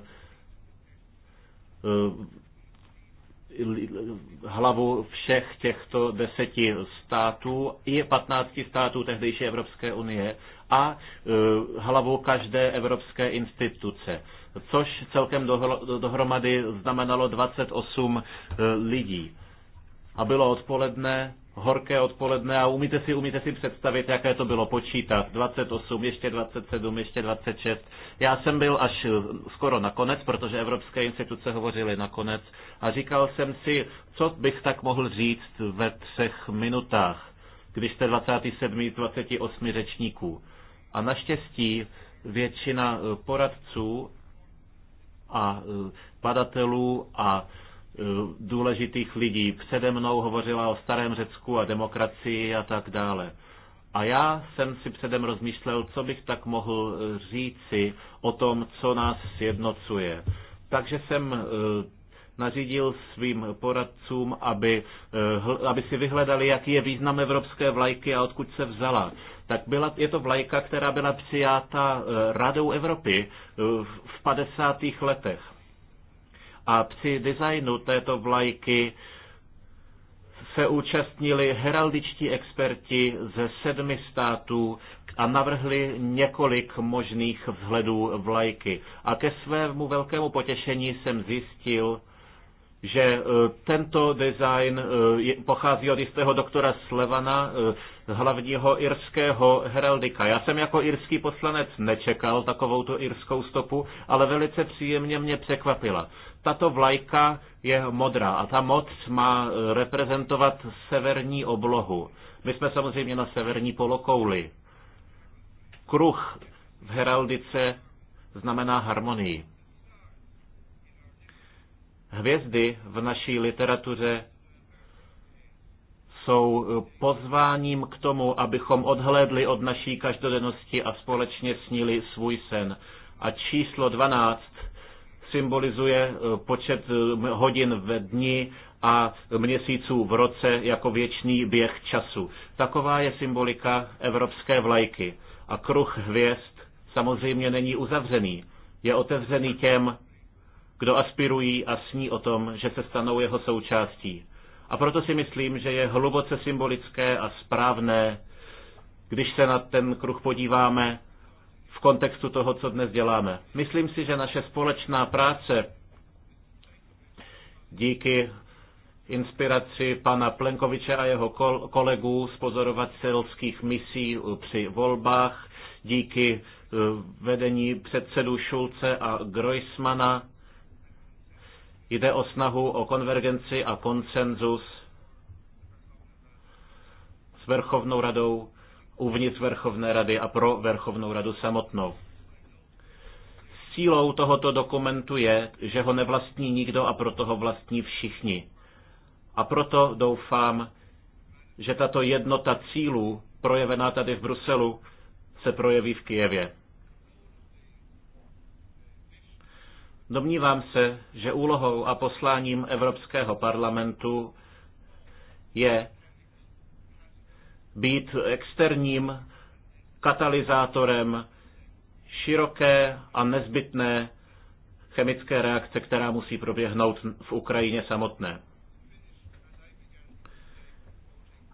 hlavu všech těchto deseti států, i patnácti států tehdejší Evropské unie a hlavu každé evropské instituce což celkem dohromady znamenalo 28 eh, lidí. A bylo odpoledne, horké odpoledne a umíte si, umíte si představit, jaké to bylo počítat. 28, ještě 27, ještě 26. Já jsem byl až eh, skoro nakonec, protože evropské instituce hovořily nakonec a říkal jsem si, co bych tak mohl říct ve třech minutách, když jste 27, 28 řečníků. A naštěstí většina eh, poradců a e, badatelů a e, důležitých lidí. Přede mnou hovořila o starém Řecku a demokracii a tak dále. A já jsem si předem rozmýšlel, co bych tak mohl e, říci o tom, co nás sjednocuje. Takže jsem nařídil svým poradcům, aby, eh, aby si vyhledali, jaký je význam evropské vlajky a odkud se vzala. Tak byla, je to vlajka, která byla přijata eh, Radou Evropy eh, v 50. letech. A při designu této vlajky se účastnili heraldičtí experti ze sedmi států a navrhli několik možných vzhledů vlajky. A ke svému velkému potěšení jsem zjistil, že e, tento design e, pochází od jistého doktora Slevana, e, hlavního irského heraldika. Já jsem jako irský poslanec nečekal takovou tu irskou stopu, ale velice příjemně mě překvapila. Tato vlajka je modrá a ta moc má reprezentovat severní oblohu. My jsme samozřejmě na severní polokouli. Kruh v heraldice znamená harmonii. Hvězdy v naší literatuře jsou eh, pozváním k tomu, abychom odhlédli od naší každodennosti a společně snili svůj sen. A číslo 12 symbolizuje eh, počet eh, hodin ve dni a měsíců v roce jako věčný běh času. Taková je symbolika evropské vlajky. A kruh hvězd samozřejmě není uzavřený. Je otevřený těm, kdo aspirují a sní o tom, že se stanou jeho součástí. A proto si myslím, že je hluboce symbolické a správné, když se na ten kruh podíváme v kontextu toho, co dnes děláme. Myslím si, že naše společná práce díky inspiraci pana Plenkoviče a jeho kolegů z pozorovatelských misí při volbách, díky eh, vedení předsedů Šulce a Groismana, Jde o snahu o konvergenci a konsenzus s Verchovnou radou, uvnitř Verchovné rady a pro Verchovnou radu samotnou. Cílou tohoto dokumentu je, že ho nevlastní nikdo a proto ho vlastní všichni. A proto doufám, že tato jednota cílů, projevená tady v Bruselu, se projeví v Kijevě. Domnívám se, že úlohou a posláním Evropského parlamentu je být externím katalyzátorem široké a nezbytné chemické reakce, která musí proběhnout v Ukrajině samotné.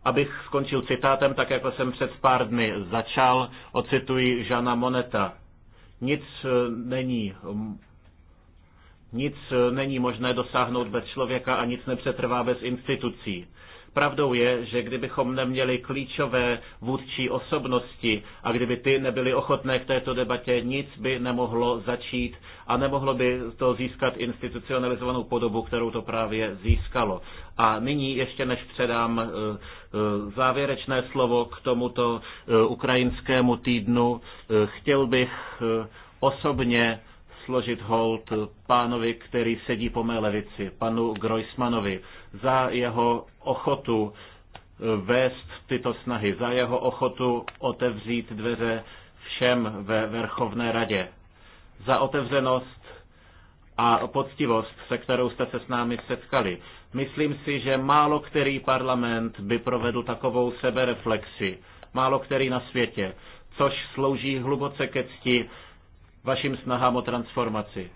Abych skončil citátem, tak jako jsem před pár dny začal, ocituji Žana Moneta. Nic eh, není nic eh, není možné dosáhnout bez člověka a nic nepřetrvá bez institucí. Pravdou je, že kdybychom neměli klíčové vůdčí osobnosti a kdyby ty nebyly ochotné k této debatě, nic by nemohlo začít a nemohlo by to získat institucionalizovanou podobu, kterou to právě získalo. A nyní ještě než předám eh, eh, závěrečné slovo k tomuto ukrajinskému týdnu, chtěl bych osobně složit hold pánovi, který sedí po mé levici, panu Groismanovi, za jeho ochotu eh, vést tyto snahy, za jeho ochotu otevřít dveře všem ve Verchovné radě, za otevřenost a poctivost, se kterou jste se s námi setkali. Myslím si, že málo který parlament by provedl takovou sebereflexi, málo který na světě, což slouží hluboce ke cti vašim snahám o transformaci.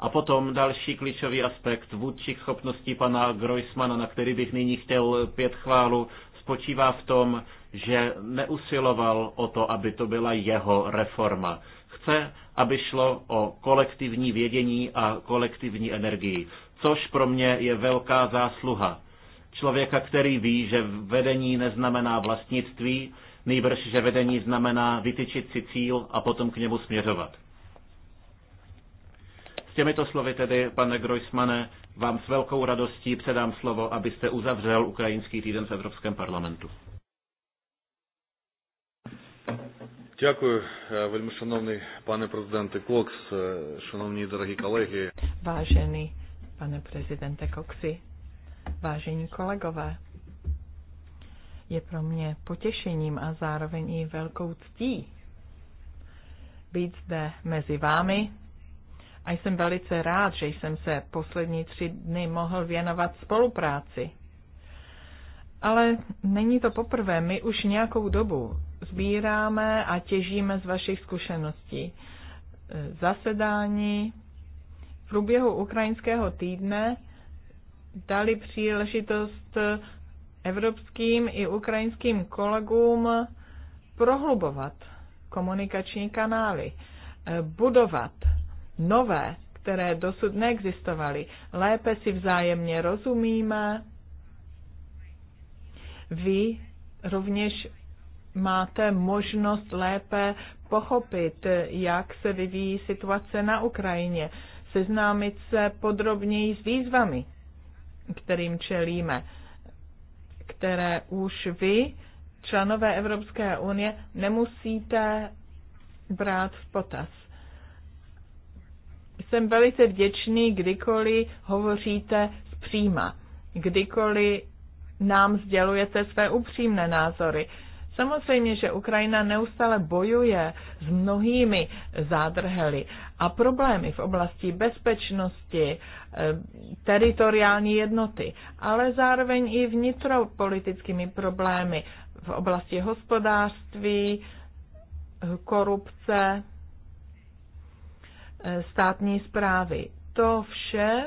A potom další klíčový aspekt vůdčích schopností pana Groismana, na který bych nyní chtěl pět chválu, spočívá v tom, že neusiloval o to, aby to byla jeho reforma. Chce, aby šlo o kolektivní vědění a kolektivní energii, což pro mě je velká zásluha. Člověka, který ví, že vedení neznamená vlastnictví, nejbrž, že vedení znamená vytyčit si cíl a potom k němu směřovat. S těmito slovy tedy, pane Grojsmane, vám s velkou radostí předám slovo, abyste uzavřel Ukrajinský týden v Evropském parlamentu. Děkuji velmi шановний pane prezidente Cox, шановні drahí kolegy. Vážený pane prezidente Coxy, vážení kolegové, je pro mě potěšením a zároveň i velkou ctí být zde mezi vámi a jsem velice rád, že jsem se poslední tři dny mohl věnovat spolupráci. Ale není to poprvé, my už nějakou dobu sbíráme a těžíme z vašich zkušeností. Zasedání v průběhu ukrajinského týdne dali příležitost evropským i ukrajinským kolegům prohlubovat komunikační kanály, budovat nové, které dosud neexistovaly. Lépe si vzájemně rozumíme. Vy rovněž máte možnost lépe pochopit, jak se vyvíjí situace na Ukrajině, seznámit se podrobněji s výzvami, kterým čelíme, které už vy, členové Evropské unie, nemusíte brát v potaz jsem velice vděčný, kdykoliv hovoříte zpříma, kdykoliv nám sdělujete své upřímné názory. Samozřejmě, že Ukrajina neustále bojuje s mnohými zádrhely a problémy v oblasti bezpečnosti, eh, teritoriální jednoty, ale zároveň i vnitropolitickými problémy v oblasti hospodářství, eh, korupce, Eh, státní zprávy. To vše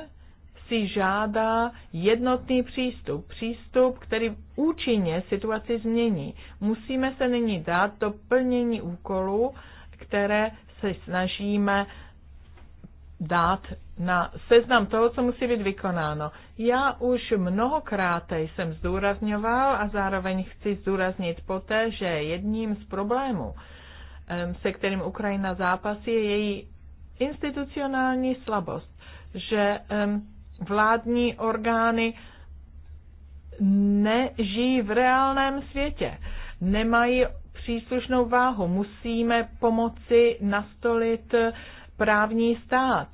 si žádá jednotný přístup, přístup, který účinně situaci změní. Musíme se nyní dát do plnění úkolů, které se snažíme dát na seznam toho, co musí být vykonáno. Já už mnohokrát jsem zdůrazňoval a zároveň chci zdůraznit poté, že jedním z problémů, se kterým Ukrajina zápasí, je její institucionální slabost, že vládní orgány nežijí v reálném světě, nemají příslušnou váhu. Musíme pomoci nastolit eh, právní stát,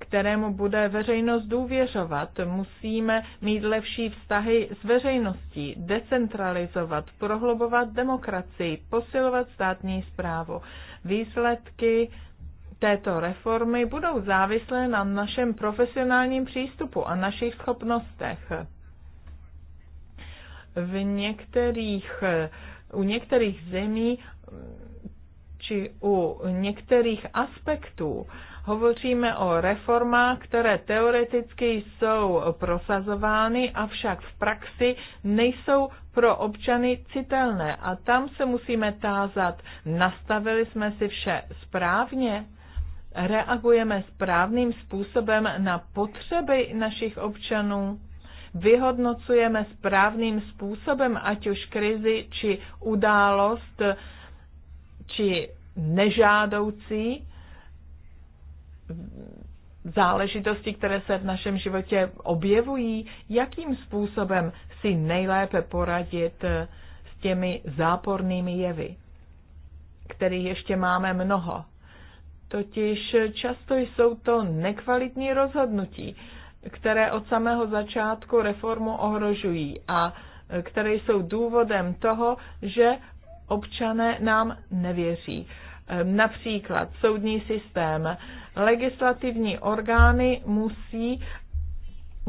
kterému bude veřejnost důvěřovat. Musíme mít lepší vztahy s veřejností, decentralizovat, prohlubovat demokracii, posilovat státní zprávu. Výsledky této reformy budou závislé na našem profesionálním přístupu a našich schopnostech. V některých, u některých zemí či u některých aspektů hovoříme o reformách, které teoreticky jsou prosazovány, avšak v praxi nejsou pro občany citelné. A tam se musíme tázat, nastavili jsme si vše správně, reagujeme správným způsobem na potřeby našich občanů, vyhodnocujeme správným způsobem, ať už krizi či událost, či nežádoucí záležitosti, které se v našem životě objevují, jakým způsobem si nejlépe poradit s těmi zápornými jevy, kterých ještě máme mnoho Totiž často jsou to nekvalitní rozhodnutí, které od samého začátku reformu ohrožují a které jsou důvodem toho, že občané nám nevěří. Například soudní systém. Legislativní orgány musí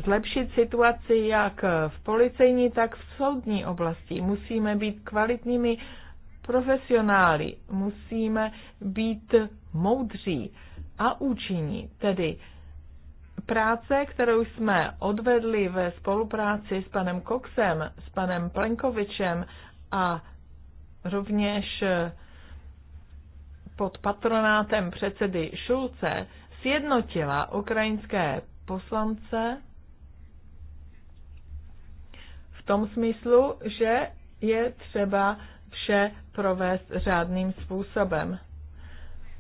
zlepšit situaci jak v policejní, tak v soudní oblasti. Musíme být kvalitními profesionály, musíme být moudří a účinní, tedy práce, kterou jsme odvedli ve spolupráci s panem Koksem, s panem Plenkovičem a rovněž pod patronátem předsedy Šulce, sjednotila ukrajinské poslance v tom smyslu, že je třeba vše provést řádným způsobem.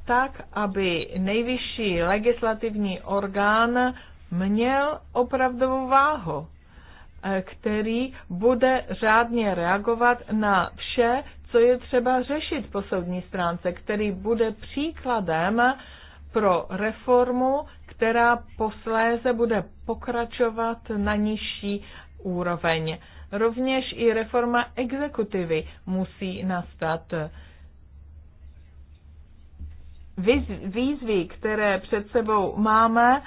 Tak, aby nejvyšší legislativní orgán měl opravdovou váhu, eh, který bude řádně reagovat na vše, co je třeba řešit po soudní stránce, který bude příkladem pro reformu, která posléze bude pokračovat na nižší úroveň. Rovněž i reforma exekutivy musí nastat. Výzvy, které před sebou máme,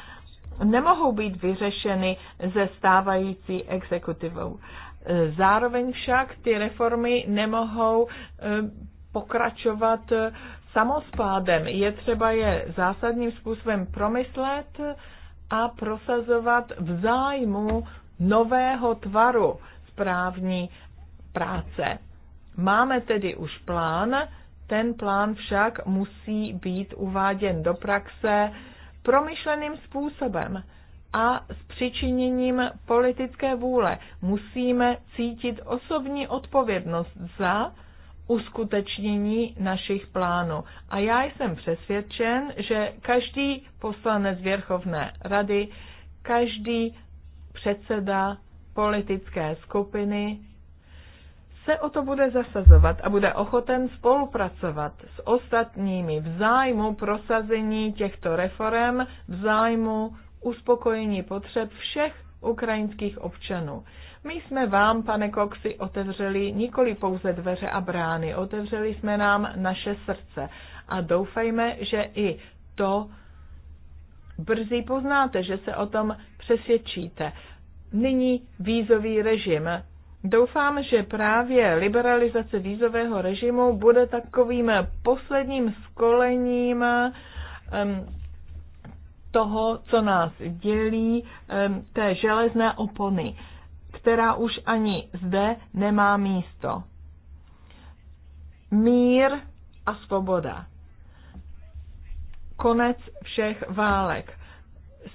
nemohou být vyřešeny ze stávající exekutivou. Zároveň však ty reformy nemohou eh, pokračovat eh, samozpádem. Je třeba je zásadním způsobem promyslet a prosazovat v zájmu nového tvaru správní práce. Máme tedy už plán, ten plán však musí být uváděn do praxe promyšleným způsobem a s přičiněním politické vůle. Musíme cítit osobní odpovědnost za uskutečnění našich plánů. A já jsem přesvědčen, že každý poslanec Věrchovné rady, každý předseda politické skupiny se o to bude zasazovat a bude ochoten spolupracovat s ostatními v zájmu prosazení těchto reform, v zájmu uspokojení potřeb všech ukrajinských občanů. My jsme vám, pane Koksi, otevřeli nikoli pouze dveře a brány, otevřeli jsme nám naše srdce a doufejme, že i to brzy poznáte, že se o tom přesvědčíte. Nyní vízový režim. Doufám, že právě liberalizace vízového režimu bude takovým posledním skolením toho, co nás dělí, té železné opony, která už ani zde nemá místo. Mír a svoboda. Konec všech válek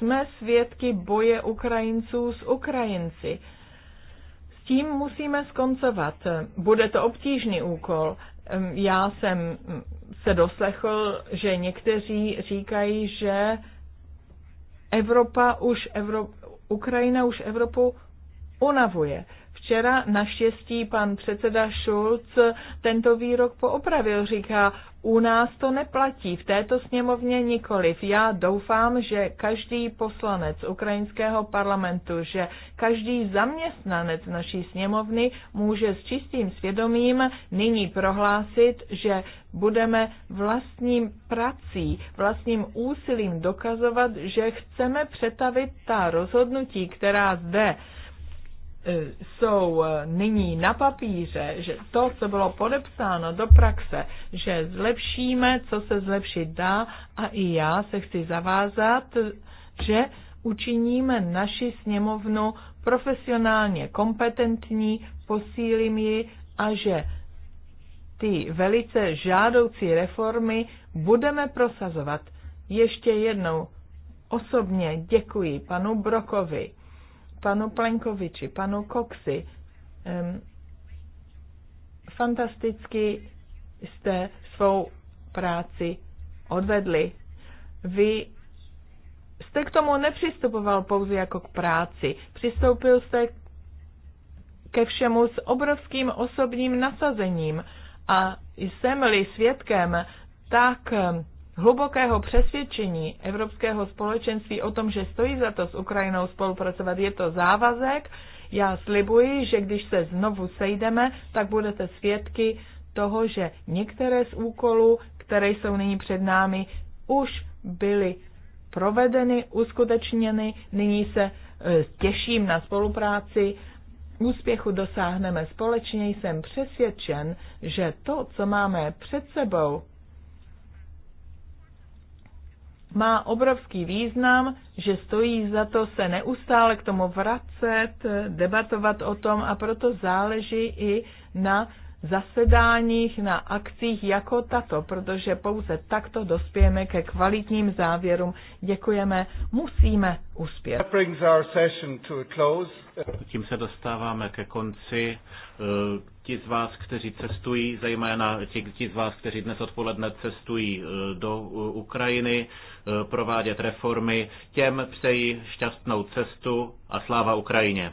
jsme svědky boje Ukrajinců s Ukrajinci. S tím musíme skoncovat. Bude to obtížný úkol. Já jsem se doslechl, že někteří říkají, že Evropa už Evrop, Ukrajina už Evropu unavuje. Včera naštěstí pan předseda Schulz tento výrok poopravil, říká, u nás to neplatí, v této sněmovně nikoliv. Já doufám, že každý poslanec ukrajinského parlamentu, že každý zaměstnanec naší sněmovny může s čistým svědomím nyní prohlásit, že budeme vlastním prací, vlastním úsilím dokazovat, že chceme přetavit ta rozhodnutí, která zde E, jsou e, nyní na papíře, že to, co bylo podepsáno do praxe, že zlepšíme, co se zlepšit dá a i já se chci zavázat, že učiníme naši sněmovnu profesionálně kompetentní, posílím ji a že ty velice žádoucí reformy budeme prosazovat. Ještě jednou osobně děkuji panu Brokovi panu Plenkoviči, panu Coxy. Fantasticky jste svou práci odvedli. Vy jste k tomu nepřistupoval pouze jako k práci. Přistoupil jste ke všemu s obrovským osobním nasazením a jsem-li svědkem tak hlubokého přesvědčení Evropského společenství o tom, že stojí za to s Ukrajinou spolupracovat. Je to závazek. Já slibuji, že když se znovu sejdeme, tak budete svědky toho, že některé z úkolů, které jsou nyní před námi, už byly provedeny, uskutečněny. Nyní se e, těším na spolupráci. Úspěchu dosáhneme společně. Jsem přesvědčen, že to, co máme před sebou, má obrovský význam, že stojí za to se neustále k tomu vracet, debatovat o tom a proto záleží i na zasedáních, na akcích jako tato, protože pouze takto dospějeme ke kvalitním závěrům. Děkujeme, musíme uspět. Tím se dostáváme ke konci. Eh, ti z vás, kteří cestují, zejména ti, ti z vás, kteří dnes odpoledne cestují eh, do eh, Ukrajiny, provádět reformy, těm přeji šťastnou cestu a sláva Ukrajině.